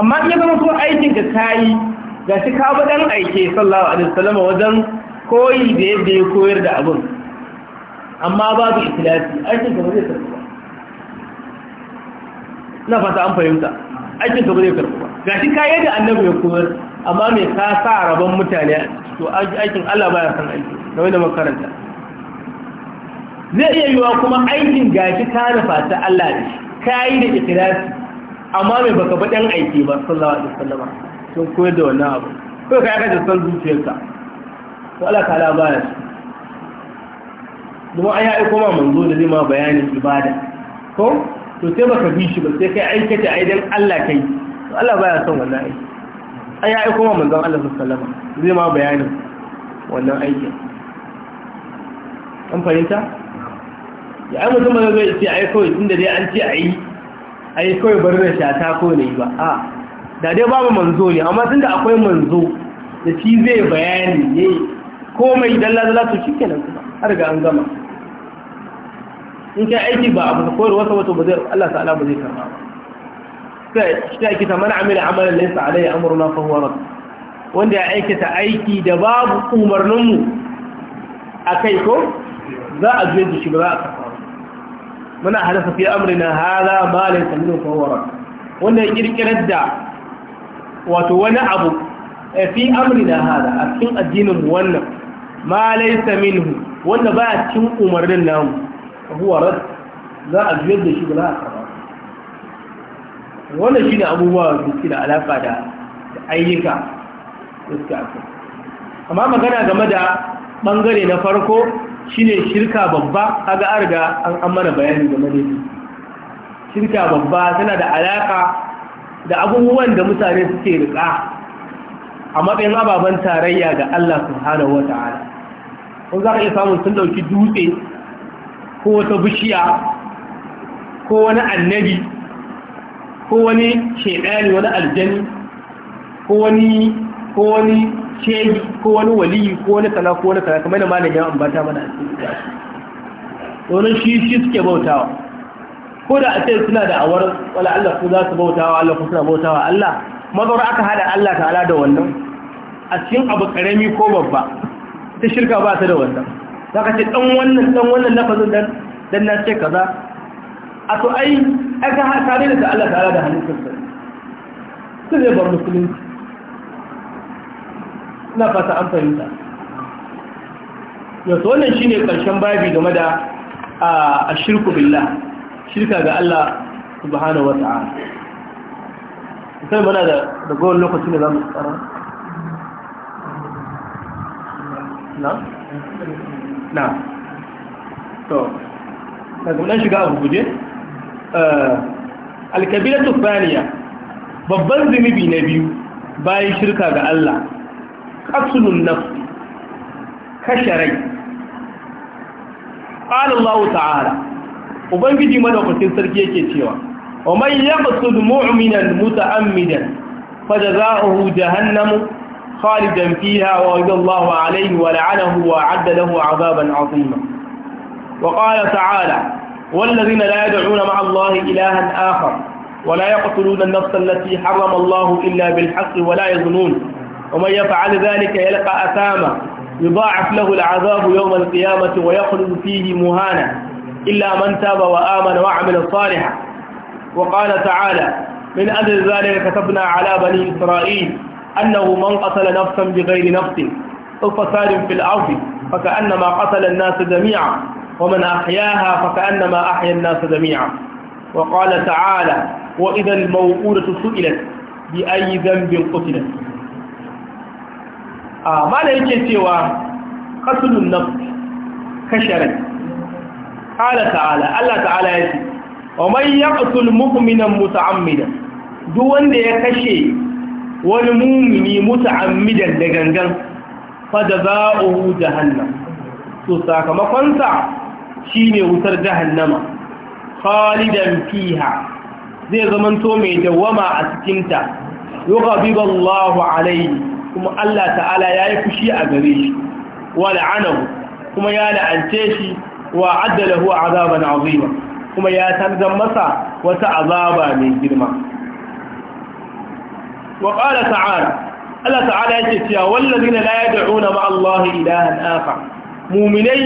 amma in ya zama ko aikin ka kai ga shi ka bi dan aike sallallahu alaihi wasallam wajen koyi da yadda ya koyar da abin amma babu ikhlasi aikin ka ba zai tafi ba na fata an fahimta aikin ka zai karɓu ba gashi ka yadda da annabi ya koyar amma me ka sa rabon mutane to aikin Allah baya san aiki da wani makaranta zai iya yiwa kuma aikin gashi ka nufa ta Allah ne ka yi da ikirasi amma me baka baɗin aiki ba sallallahu alaihi wasallam sun koyar da wannan abu ko ka yi da san zuciyarka to Allah ka ala baya shi domin an yi aiko ma manzo da zai ma bayanin ibada ko to sai baka bi shi ba sai kai aikata aidan Allah kai to Allah baya son wannan aiki ai ai kuma manzon Allah sallallahu alaihi zai ma bayani wannan aikin an fahimta ya ai mutum ba zai ce ai kawai tunda dai an ce ai ai kawai bar da shata ko ne ba a da dai babu manzo ne amma tunda akwai manzo da shi zai bayani ne komai dalla dalla to shikenan kuma har ga an gama in ka aiki ba a ka koyarwa sa wato ba zai Allah ta'ala ba zai karba ba sai aiki ta mana amila amalan laysa alai amruna fa huwa rad wanda ya aikata aiki da babu umarninmu a kai ko za a je shi ba za a karba muna halasa fi amrina hada ma laysa minhu fa huwa wanda ya kirkirar da wato wani abu eh, fi na hada a cikin addinin mu wannan ma laysa minhu wanda ba a cikin umarnin namu huwa rad za a da shi ba za a karba shine abubuwa da suke da da ayyuka da suke a amma magana game da bangare na farko shine shirka babba kaga an riga an mana bayani game da shi shirka babba tana da alaƙa da abubuwan da mutane suke rika a matsayin ababen tarayya ga Allah subhanahu wata'ala kun za ka iya samun sun ɗauki dutse ko wata bishiya ko wani annabi ko wani shaidani wani aljani ko wani ko wani shehi ko wani wali ko wani kala, ko wani kala kamar da malamin ya ambata mana wannan wani shi shi suke bautawa ko da a ce suna da awar wala Allah ku za su bautawa Allah ko suna bautawa Allah mazaura aka hada Allah ta'ala da wannan a cikin abu karami ko babba ta shirka ba ta da wannan za ka ce ɗan wannan ɗan wannan lafazin dan dan na ce kaza a to ai aka kare da Allah ala da hannun sa su zai bar musulunci na fata an fahimta yau to wannan shine karshen babi game da a shirku billah shirka ga Allah subhanahu wa ta'ala sai mana da dagowar lokaci ne za mu tsara na? na to daga shiga abu guje eh, alkabiratu babban zunubi na biyu bayan shirka ga Allah qatlun nafs kashe rai ta'ala ubangiji madaukakin sarki yake cewa wa man yaqtud mu'minan muta'ammidan fajaza'uhu jahannamu خالدا فيها ورد الله عليه ولعنه وأعد له عذابا عظيما وقال تعالى والذين لا يدعون مع الله إلها آخر ولا يقتلون النفس التي حرم الله إلا بالحق ولا يظنون ومن يفعل ذلك يلقى أثاما يضاعف له العذاب يوم القيامة ويخلد فيه مهانا إلا من تاب وآمن وعمل صالحا وقال تعالى من أجل ذلك كتبنا على بني إسرائيل أنه من قتل نفسا بغير نفس أو فساد في الأرض فكأنما قتل الناس جميعا ومن أحياها فكأنما أحيا الناس جميعا وقال تعالى وإذا الموءودة سئلت بأي ذنب قتلت آه ما لا يجي سوى قتل النفس كشرك قال تعالى الله تعالى يسي ومن يقتل مؤمنا متعمدا دون ده يكشي wani mumini muta'ammidan da gangan fajaza'uhu jahannam to sakamakonsa shine wutar jahannama khalidan fiha zai zamanto mai dawama a cikinta yughadibu Allahu alayhi kuma Allah ta'ala yayi fushi a gare shi wa kuma ya la'ance shi wa addalahu azaban azima kuma ya tanzan masa wata azaba mai girma wa qala ta'ala Allah ta'ala yake cewa wallazina la ma Allah ilahan akhar mu'minai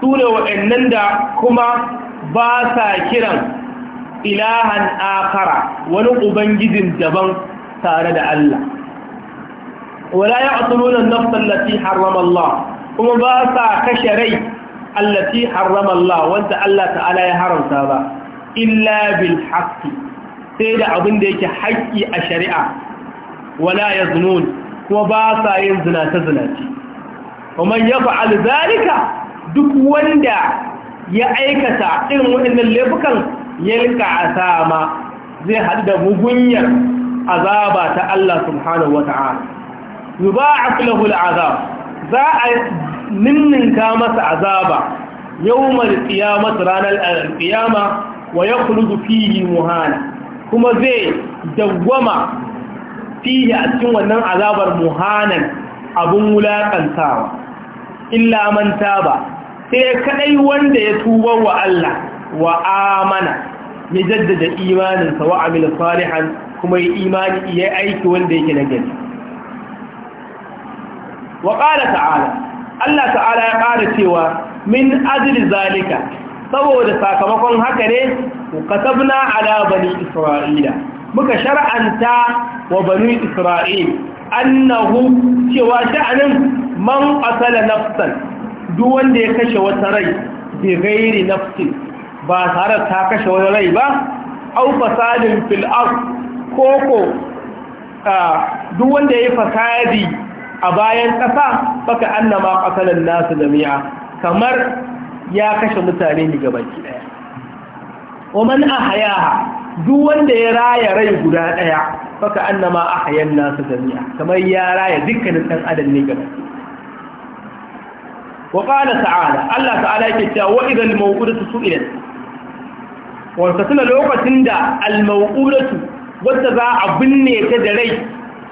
sune waɗannan da kuma ba sa kiran ilahan akhara wani ubangijin daban tare da Allah wala ya'tuluna an-nafs allati harrama kuma ba sa kashe rai allati harrama Allah wanda Allah ta'ala ya haramta ba illa bil haqqi sai da abinda yake haƙƙi a shari'a wala yaznun kuma ba sa yin zinace zinace kuma ya fa'al zalika duk wanda ya aikata irin waɗannan laifukan yalka asama zai haɗu da mugunyar azaba ta Allah subhanahu wata'ala yuba'af lahu al'azab za a ninninka masa azaba yawmal qiyamati ranar al wa yakhludu muhana kuma zai dawwama fiye a cikin wannan azabar muhanan abun wulaƙantawa illa manta ba, sai kaɗai wanda ya tuba wa Allah wa amana ya jaddada imaninsa wa amila salihan kuma ya imani iya aiki wanda yake na gari wa ƙara ta'ala Allah ta'ala ya ƙara cewa min ajli zalika saboda sakamakon haka ne kasabna ala bani isra'ila muka shar'anta wa banu isra'il annahu cewa sha'anin man asala nafsan duk wanda ya kashe wata rai bi ghairi nafsin ba tare ta kashe wani rai ba au fasadin fil ard koko duk wanda ya yi fasadi a bayan ƙasa baka annama asalan nasu jami'a kamar ya kashe mutane ne gabaki daya wa man ahyaha duk wanda ya raya rai guda ɗaya faka annama a hayan nasu jami'a kamar ya raya dukkanin ɗan adam ne gaba wa qala ta'ala Allah ta'ala yake cewa wa idhal mawqudatu su'ilat wanda tana lokacin da al mawqudatu wanda za a binne ta da rai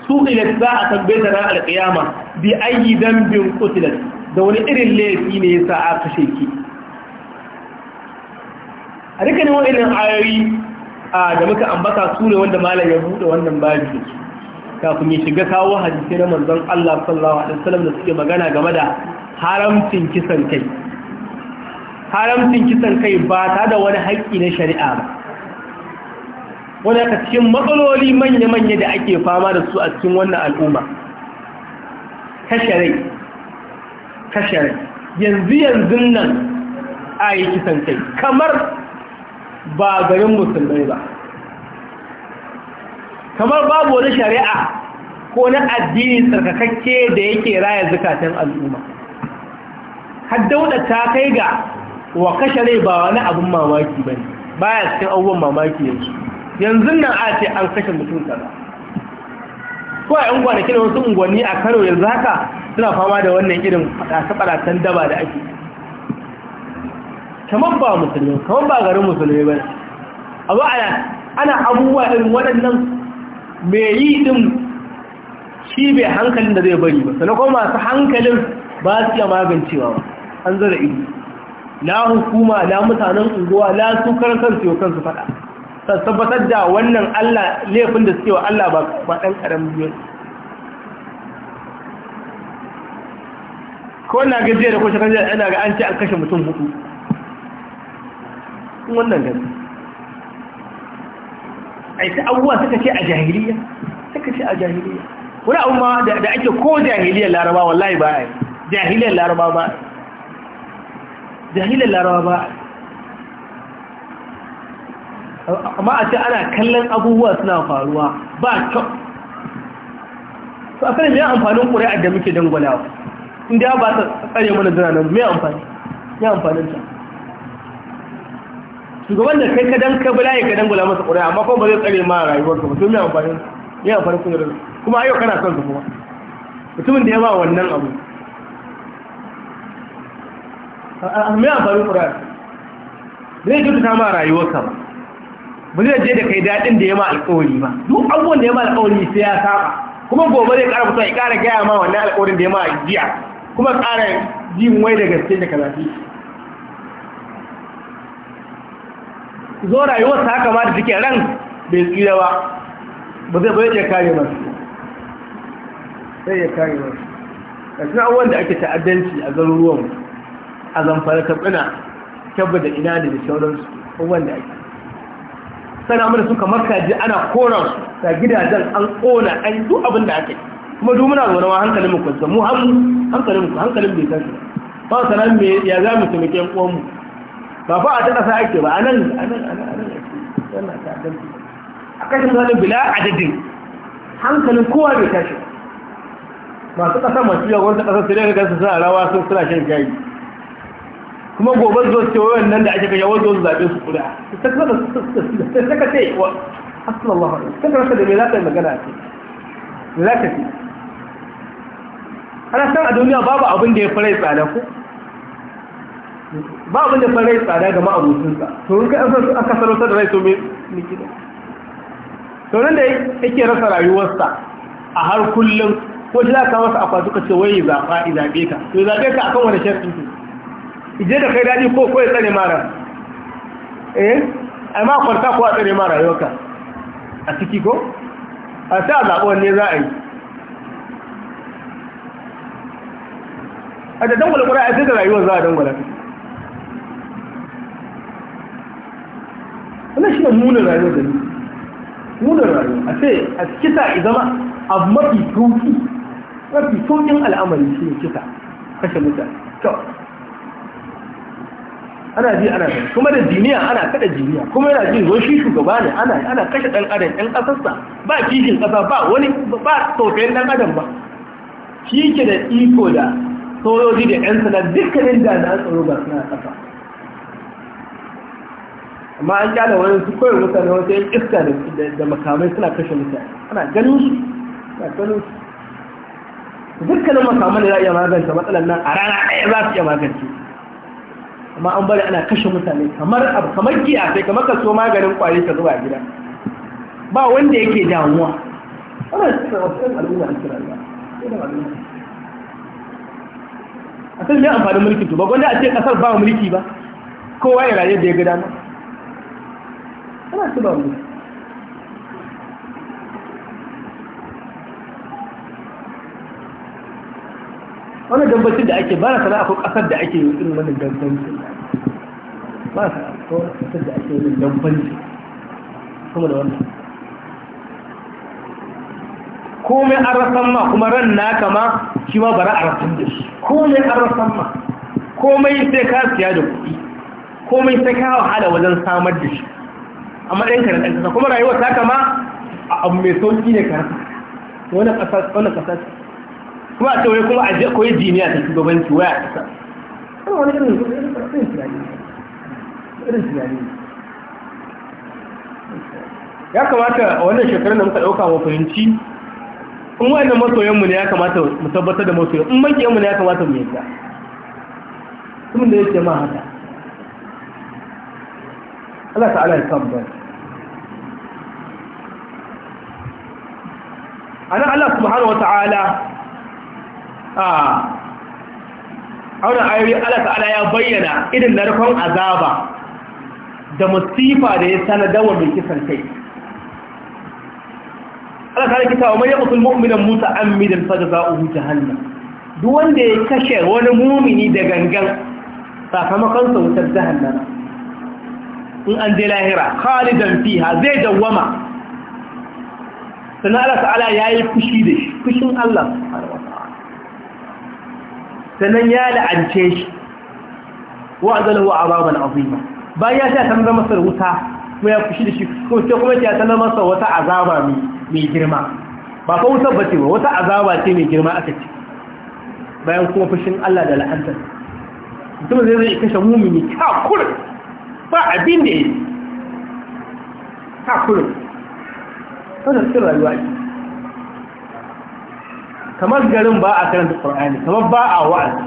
su'ilat za a tambaye ta ran al qiyama bi ayyi dambin qutilat da wani irin laifi ne yasa aka kashe ki a dukkanin wa'annan ayoyi a da muka ambata su ne wanda malam ya bude wannan babi da su kafin ya shiga kawo hadisi na manzon Allah sallallahu alaihi wasallam da suke magana game da haramcin kisan kai haramcin kisan kai ba ta da wani haƙƙi na shari'a ba wanda ka cikin matsaloli manya-manya da ake fama da su a cikin wannan al'umma kashare kashare yanzu yanzu nan a yi kisan kai kamar ba garin musulmai ba kamar babu wani shari'a ko na addini tsarkakakke da yake raya zukatan al'umma Wuda ta kai ga wa kashe rai ba wani abin mamaki ba ne baya cikin abubuwan mamaki yanzu yanzu nan a ce an kashe mutum kaza ko a yan kwanaki da wasu unguwanni a kano yanzu haka suna fama da wannan irin fadace-fadacen daba da ake kamar ba musulmi kamar ba garin musulmi ba abu ala ana abubuwa irin waɗannan mai yi ɗin shi bai hankalin da zai bari ba sana kuma masu hankalin ba su iya magancewa ba an zara ido na hukuma na mutanen unguwa na su karan kansu yau kansu faɗa tabbatar da wannan Allah laifin da suke wa Allah ba ɗan ƙaramin biyu ko na gajiyar da ko shakar ana ga an ce an kashe mutum hudu cikin wannan gari yi ta abubuwa suka ce a jahiliya suka ce a jahiliya wani abu ma da ake ko jahiliyar laraba wallahi ba yi, jahiliyar laraba ba yi. jahiliyar laraba ba yi. amma a ce ana kallon abubuwa suna faruwa ba kyau to a kan mai amfanin ƙuri'ar da muke dangwalawa inda ba ta tsare mana nan mai amfani ya amfanin ta shugaban da kai ka dan ka bulaye ka dan gula masa ƙuri'a amma kuma ba zai tsare ma rayuwar ka mutum ya amfani ya amfani sun da kuma ayo kana son su kuma mutumin da ya ba wannan abu me amfani ƙuri'a zai ta ma rayuwar ka ba ba zai je da kai daɗin da ya ma alƙawari ba duk abubuwan da ya ma alƙawari sai ya saba kuma gobe zai ƙara fito ya ƙara gaya ma wannan alƙawarin da ya ma jiya kuma ƙara jin wai da gaske da kazafi zo rayuwarsa haka ma da take ran bai tsira ba ba zai bai ya kare masu sai ya kare a cikin awon da ake ta'addanci a garuruwan a zamfara tabbina tabba da ina da sauransu awon da ake sana mana kamar makaji ana koran ta gidajen an kona an duk abin da ake kuma duk muna zaune ma hankalin mu kwanta mu hankalin mu hankalin bai san shi ba sana me ya za mu taimake yan uwan mu ba fa a ta ƙasa ake ba a nan a nan a nan a nan a kashe misalin bila adadin hankalin kowa bai tashi masu ƙasa masu yawon ta ƙasa sai ga su suna rawa sun suna shan shayi kuma gobe zuwa ce wayan nan da ake kan yawon zuwa zaɓe su kuda ta kasa da suka ce wa asalin Allah ta kasa da mai za ka magana ce mai za ka ce ana san a duniya babu abin da ya fara tsada ko ba abin da farai tsada ga ma'abucinsa to in ka aka sarauta da rai to mai niki to nan da yake rasa rayuwarsa a har kullum ko shi za ka masa akwai duka ce wai zaɓa zaɓe ka to zaɓe ka akan wani shafi su ije da kai daɗi ko ko ya tsare mara eh ma kwarta ko a tsare mara rayuwarka a ciki ko a sai a zaɓi wanne za a yi a da dangwala ƙura a sai da rayuwar za a dangwala ta duba munin rayuwar da ni munin rayuwa a ce a kisa izama a mafi sauki mafi saukin al'amari shi ne kashe mutane kyau ana ji ana gani kuma da jiniya ana kada jiniya kuma yana jin zoshi shugaba ne ana ana kashe dan adam dan kasarsa ba kishin kasa ba wani ba tsofayin dan adam ba shi ke da iko da sojoji da yan sana dukkanin da na tsaro ba suna kasa amma an kyale wani su kawai mutane wata yin iska da makamai suna kashe mutane ana ganin su ana ganin su dukkanin makamai ne za a iya magance matsalar nan a rana ɗaya za su iya magance amma an bari ana kashe mutane kamar abu kamar giya sai kamar ka so maganin kwari ka zuba gida ba wanda yake damuwa ana cikin wasu ɗan al'umma a cikin al'umma a san ne amfanin mulki to ba gwanda a ce kasar ba mulki ba kowa ya raye da ya ga ana zuba musu wani gambacin da ake ba na sana'a ko ƙasar da ake yi wani gambancin ba na sana'a ko ƙasar da ake yi gambancin kuma da wannan komai an rasan ma kuma ran naka ma shi ma bara a rasan da shi komai an rasan ma komai sai ka siya da kuɗi komai sai ka wahala wajen samar da shi a matsayin ka na ɗan ƙasa kuma rayuwar ta kama a abu mai sauƙi ne ka wani ƙasa ce kuma a cewa kuma a je koyi jini jiniya ta shugabanci waya a ƙasa kuma wani irin irin tunani irin tunani ya kamata a wannan shekarun da muka ɗauka mu fahimci in wa'annan masoyanmu ne ya kamata mu tabbatar da masoyan in makiyanmu ne ya kamata mu yadda kuma da yake ma haka Allah ta'ala ya kan anan Allah subhanahu wata'ala a auna ayoyi Allah ta'ala ya bayyana irin narkon azaba da musifa da ya sanadawa mai kisan kai Allah ta rikita wa mai mutum mu'minan musa an midin fada za huta hannu duk wanda ya kashe wani mumini da gangan sakamakonsa wutar jahannama in an je lahira khalidan fiha zai dawwama sannan Allah ta'ala ya yi fushi da shi fushin Allah sannan ya la'ance shi wa azalahu azaban azima ba ya san zama masa wuta kuma ya fushi da shi ko sai kuma ya san masa wata azaba mai girma ba ko wuta bace ba wata azaba ce mai girma aka ce bayan kuma fushin Allah da la'anta mutum zai zai kashe mumini kakur ba abin da yake kakur suna cikin rayuwa ne kamar garin ba a karanta ƙwar'ani kamar ba a wa'azi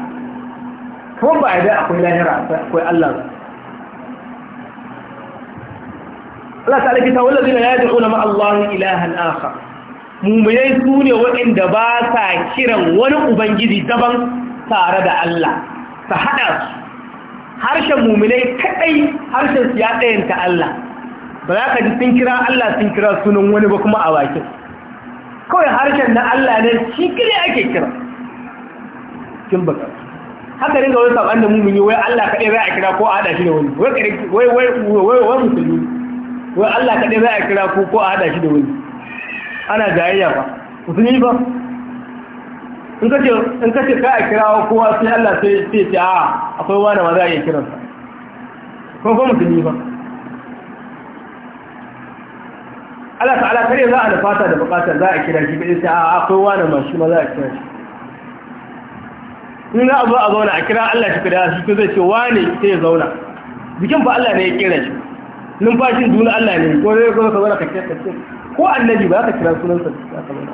kamar ba a da akwai lahira akwai allah Allah ta alifita wanda zina ya ji'una ma'allahi ilahan aka mummunai su ne waɗanda ba sa kiran wani ubangiji daban tare da Allah ta haɗa su harshen mummunai kaɗai harshen su ya ɗayanta Allah ba za ka ji sun kira Allah sun kira sunan wani ba kuma a bakin kawai harshen na Allah ne shi kire ake kira kin baka haka ringa wani saban da yi wai Allah kaɗai za a kira ko a haɗa shi da wani wai wai wai wai wai musulmi wai Allah kaɗai za a kira ko ko a haɗa shi da wani ana jayayya ba musulmi ba in kace in ka a kira kowa sai Allah sai sai a akwai wani ma za a iya kiransa ko ko musulmi ba Allah ta'ala kare za a nufata da bukatar za a kira shi bai sai a akwai wani mashi ma za a kira shi in za a zo a zauna a kira Allah shi kira shi ko zai ce wani sai ya zauna jikin fa Allah ne ya kira shi numfashin juna Allah ne ko zai zo ka zauna ka kira ka ce ko annabi ba ka kira sunan sa ka zauna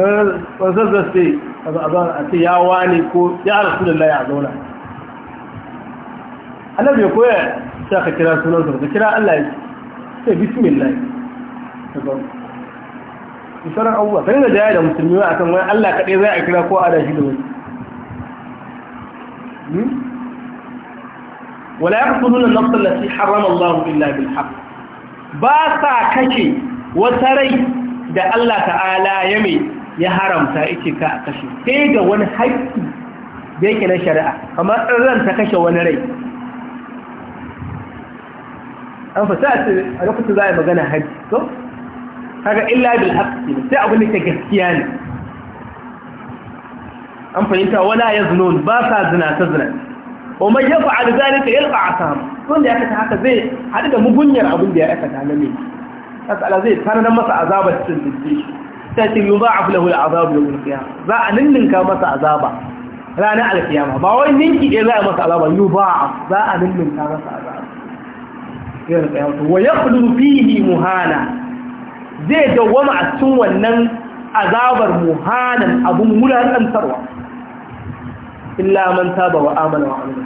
eh zazza sai a zauna a ce ya wani ko ya rasulullahi a zauna annabi ya koya sai ka kira sunan sa ka kira Allah ya ce bismillah sauran abubuwa sai da jaya da musulmi a kan wani Allah kaɗai za a kira ko a da shi da wani hmm? wala ya kusuru na nafsar da shi haram Allah illa bil haq ba sa kake wata rai da Allah ta'ala ya mai ya haramta ita ka a kashe sai ga wani haƙƙi da yake na shari'a kamar ɗan ran ta kashe wani rai an fasa a lokacin za a yi magana haƙƙi kaga illa bil haqqi sai abin da gaskiya ne an fahimta wala yaznun ba sa zina ta zina wa man yaf'al zalika yalqa asam wanda ya kata haka zai hadu da mugunyar abin da ya aikata na me kasa Allah zai tarar masa azabar cikin dinki sai ce yudha'af lahu al'azab yawm al-qiyamah za a ninninka masa azaba ranar alkiyama ba wai ninki ɗaya za a masa azaba yudha'af za a ninninka masa azaba yawm al-qiyamah wa yakhlu fihi muhana zai dawwama a cikin wannan azabar muhanan abun wulaƙantarwa illa man taba wa amana wa amana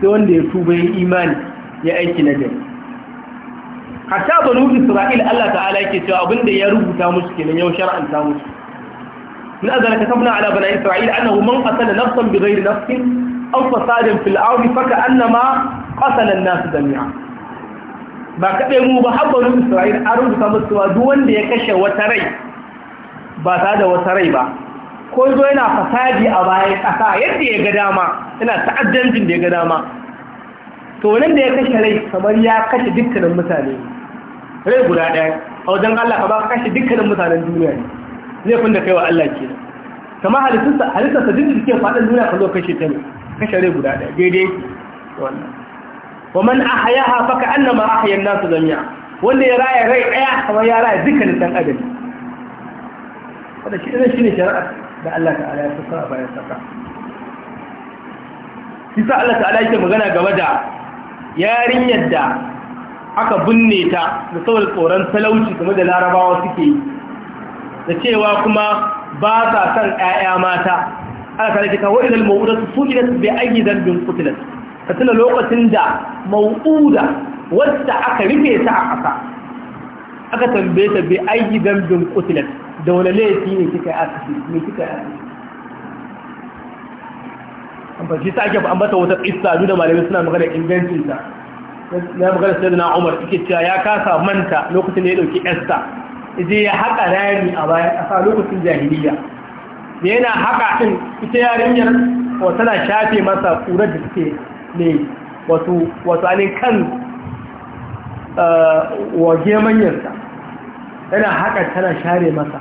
sai wanda ya tuba yin imani ya aiki na gari hatta banu isra'il Allah ta'ala yake cewa abinda ya rubuta musu kenan yau shar'anta musu min azal katabna ala bani isra'il annahu man qatala nafsan bighayri nafsin aw fasadin fil ardi fa ka'annama qatala an-nas jami'a ba kaɗai mu ba habbarin isra'il an rubuta musu cewa duk wanda ya kashe wata rai ba ta da wata rai ba ko zo yana fasadi a bayan ƙasa yadda ya ga dama yana ta'addancin da ya ga dama to nan da ya kashe rai kamar ya kashe dukkanin mutane rai guda ɗaya a wajen Allah ka ba ka kashe dukkanin mutanen duniya ne zai da kaiwa Allah ke kama halittarsa halittarsa duk da suke faɗin duniya ka zo kashe ta ne kashe rai guda ɗaya daidai wannan wa man ahyaha fa ka'annama ahya an-nas jami'a wanda ya raya rai daya kamar ya raya dukkanin dan adam wanda shi ne shine shari'a da Allah ta'ala ya saka bayan saka shi sa Allah ta'ala yake magana game da yarinyar da aka binne ta da saboda tsoron talauci kamar da larabawa suke yi da cewa kuma ba sa son ƴaƴa mata ana tare ke kawo ilal ma'udatu su idan bai ayi zambin kutulat ka tuna lokacin da mawuda wadda aka rufe ta a ƙasa aka tambaye ta bai aiki bin kutilat da wani laifi ne kika yi asibiti ne kika yi asibiti amfashi ta ake ambata wata ƙista duk da malamai suna magana ingancinta ya magana sai da na umar ike cewa ya kasa manta lokacin da ya ɗauki esta je ya haƙa rami a bayan ƙasa lokacin jahiliya da yana haƙa ɗin ita yarinyar wa tana shafe masa ƙurar da suke ne wato anin kan waje manyansa yana haka tana share masa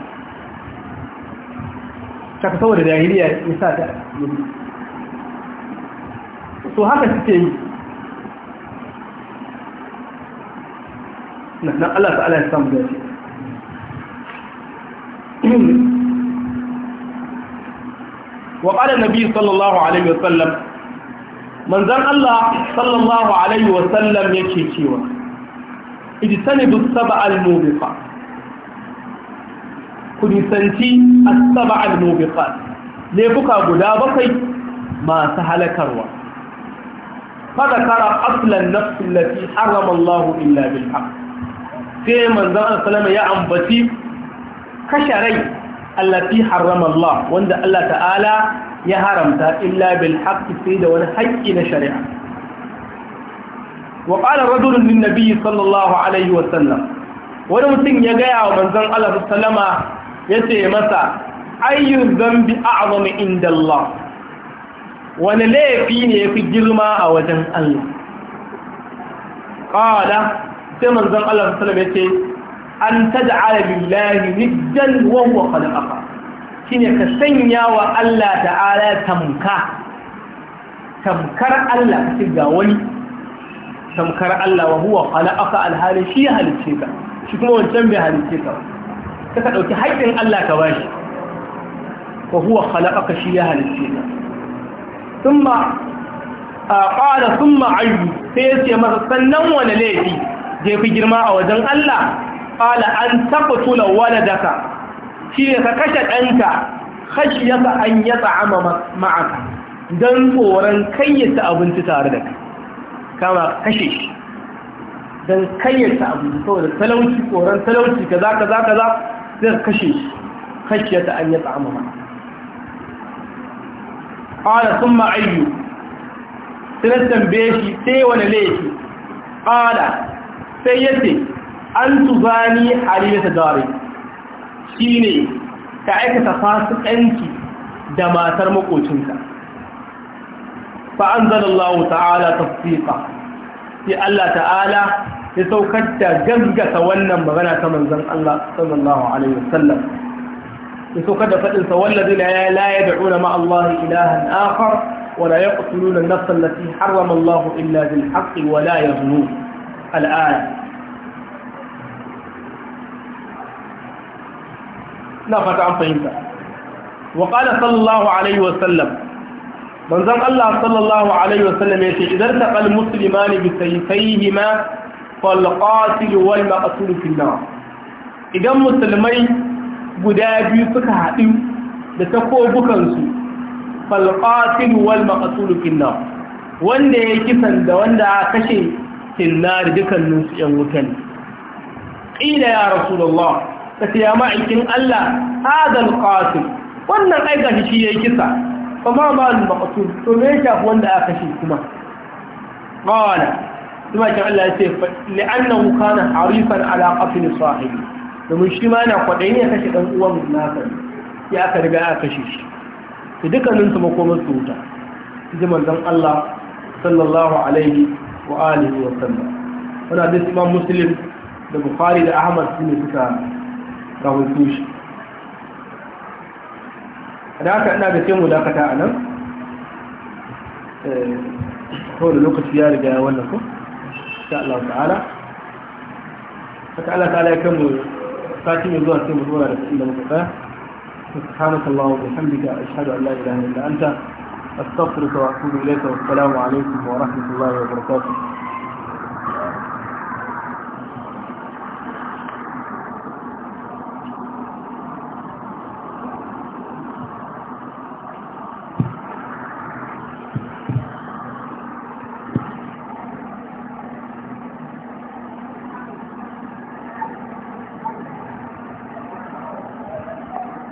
shaka saboda dahiliya ya sa ta so haka suke yi na Allah ta'ala ya samu da shi وقال النبي صلى الله عليه وسلم manzan Allah sallallahu alaihi wasallam yake cewa ijtanibu sab'a al-mubiqat ku nisanci a saba al ne laifuka guda bakwai masu halakarwa fadakara aslan nafsi allati harama Allah illa bil sai manzan Allah sallallahu ya ambaci kasharai allati harama Allah wanda Allah ta'ala ya haramta illa bil haqqi sai da wani haƙƙi na shari'a wa qala rajulun lin nabiy sallallahu alaihi wa sallam wani mutum ya gaya wa manzon Allah sallama yace masa ayyu dhanbi a'zamu inda Allah wani laifi ne yafi girma a wajen Allah qala sai manzon Allah sallallahu alaihi wa sallam yace an tad'a lillahi niddan wa huwa qad aqa shine ka sanya wa Allah ta'ala tamka tamkar Allah ka ga wani tamkar Allah wa huwa khalaqaka alhali shi halice ka shi kuma wancan bai halice ka ka ka dauki haƙƙin Allah ka bashi wa huwa khalaqaka shi ya halice ka thumma qala thumma ayyu sai ce masa sannan wani laifi je fi girma a wajen Allah qala an taqtula waladaka shi ne ka kashe ɗanka kashi khashiyata an ya ta'ama ma'aka don tsoron kayyata abinci tare da ka? kama kashe shi don kayyata abinci saboda talauci tsoron talauci ka za ka za ka za zai kashe shi khashiyata an ya ta'ama ma'aka ƙala sun ma'ayyu sai tambaye shi sai wani laifi ƙala sai yace an tuzani halilata dare shine ka aikata fasikanci da matar makocinka fa anzalallahu ta'ala tasfiqa sai Allah ta'ala ya saukar da gaggata wannan magana ta Manzan Allah sallallahu alaihi wasallam ya saukar da fadin da wallazi la la yad'una ma Allah ilahan akhar ولا يقتلون النفس التي illa الله إلا wala ya يظنون الآية ina fata an fahimta wa qala sallallahu alaihi wa sallam manzon Allah sallallahu alaihi wa sallam yace idan taqal muslimani bi sayfayhima fal qatil wal maqtul fi nar idan musulmai guda biyu suka haɗu da takobukansu fal qatil wal maqtul fi nar wanda ya kisan da wanda a kashe finnar dukanninsu ‘yan wutan. ƙila ya rasu da Allah ta ce ya ma'aikin Allah haɗa qatil wannan ai shi ya yi kisa fa ma ba ni maqtul to me yake wanda aka kashe kuma Ƙawana, kuma kin Allah ya ce li'annahu kana harifan ala qatl sahibi domin shi ma yana kwaɗayin ya kashe dan uwan nasa ya aka riga aka kashe shi to dukkanin su makomar su wuta ji manzon Allah sallallahu alaihi wa alihi wa sallam Wana hadisi Imam Muslim da Bukhari da Ahmad su ne suka ga hutu shi da aka ina da mu dakata a nan ko eh, da lokaci ya riga ya wannan ko sha Allah ta'ala فتعالى تعالى كم ساكن يزور في مزورة إلى مطفاة سبحانك الله وبحمدك أشهد أن لا إله إلا أنت أستغفرك وأتوب إليك والسلام عليكم ورحمة الله وبركاته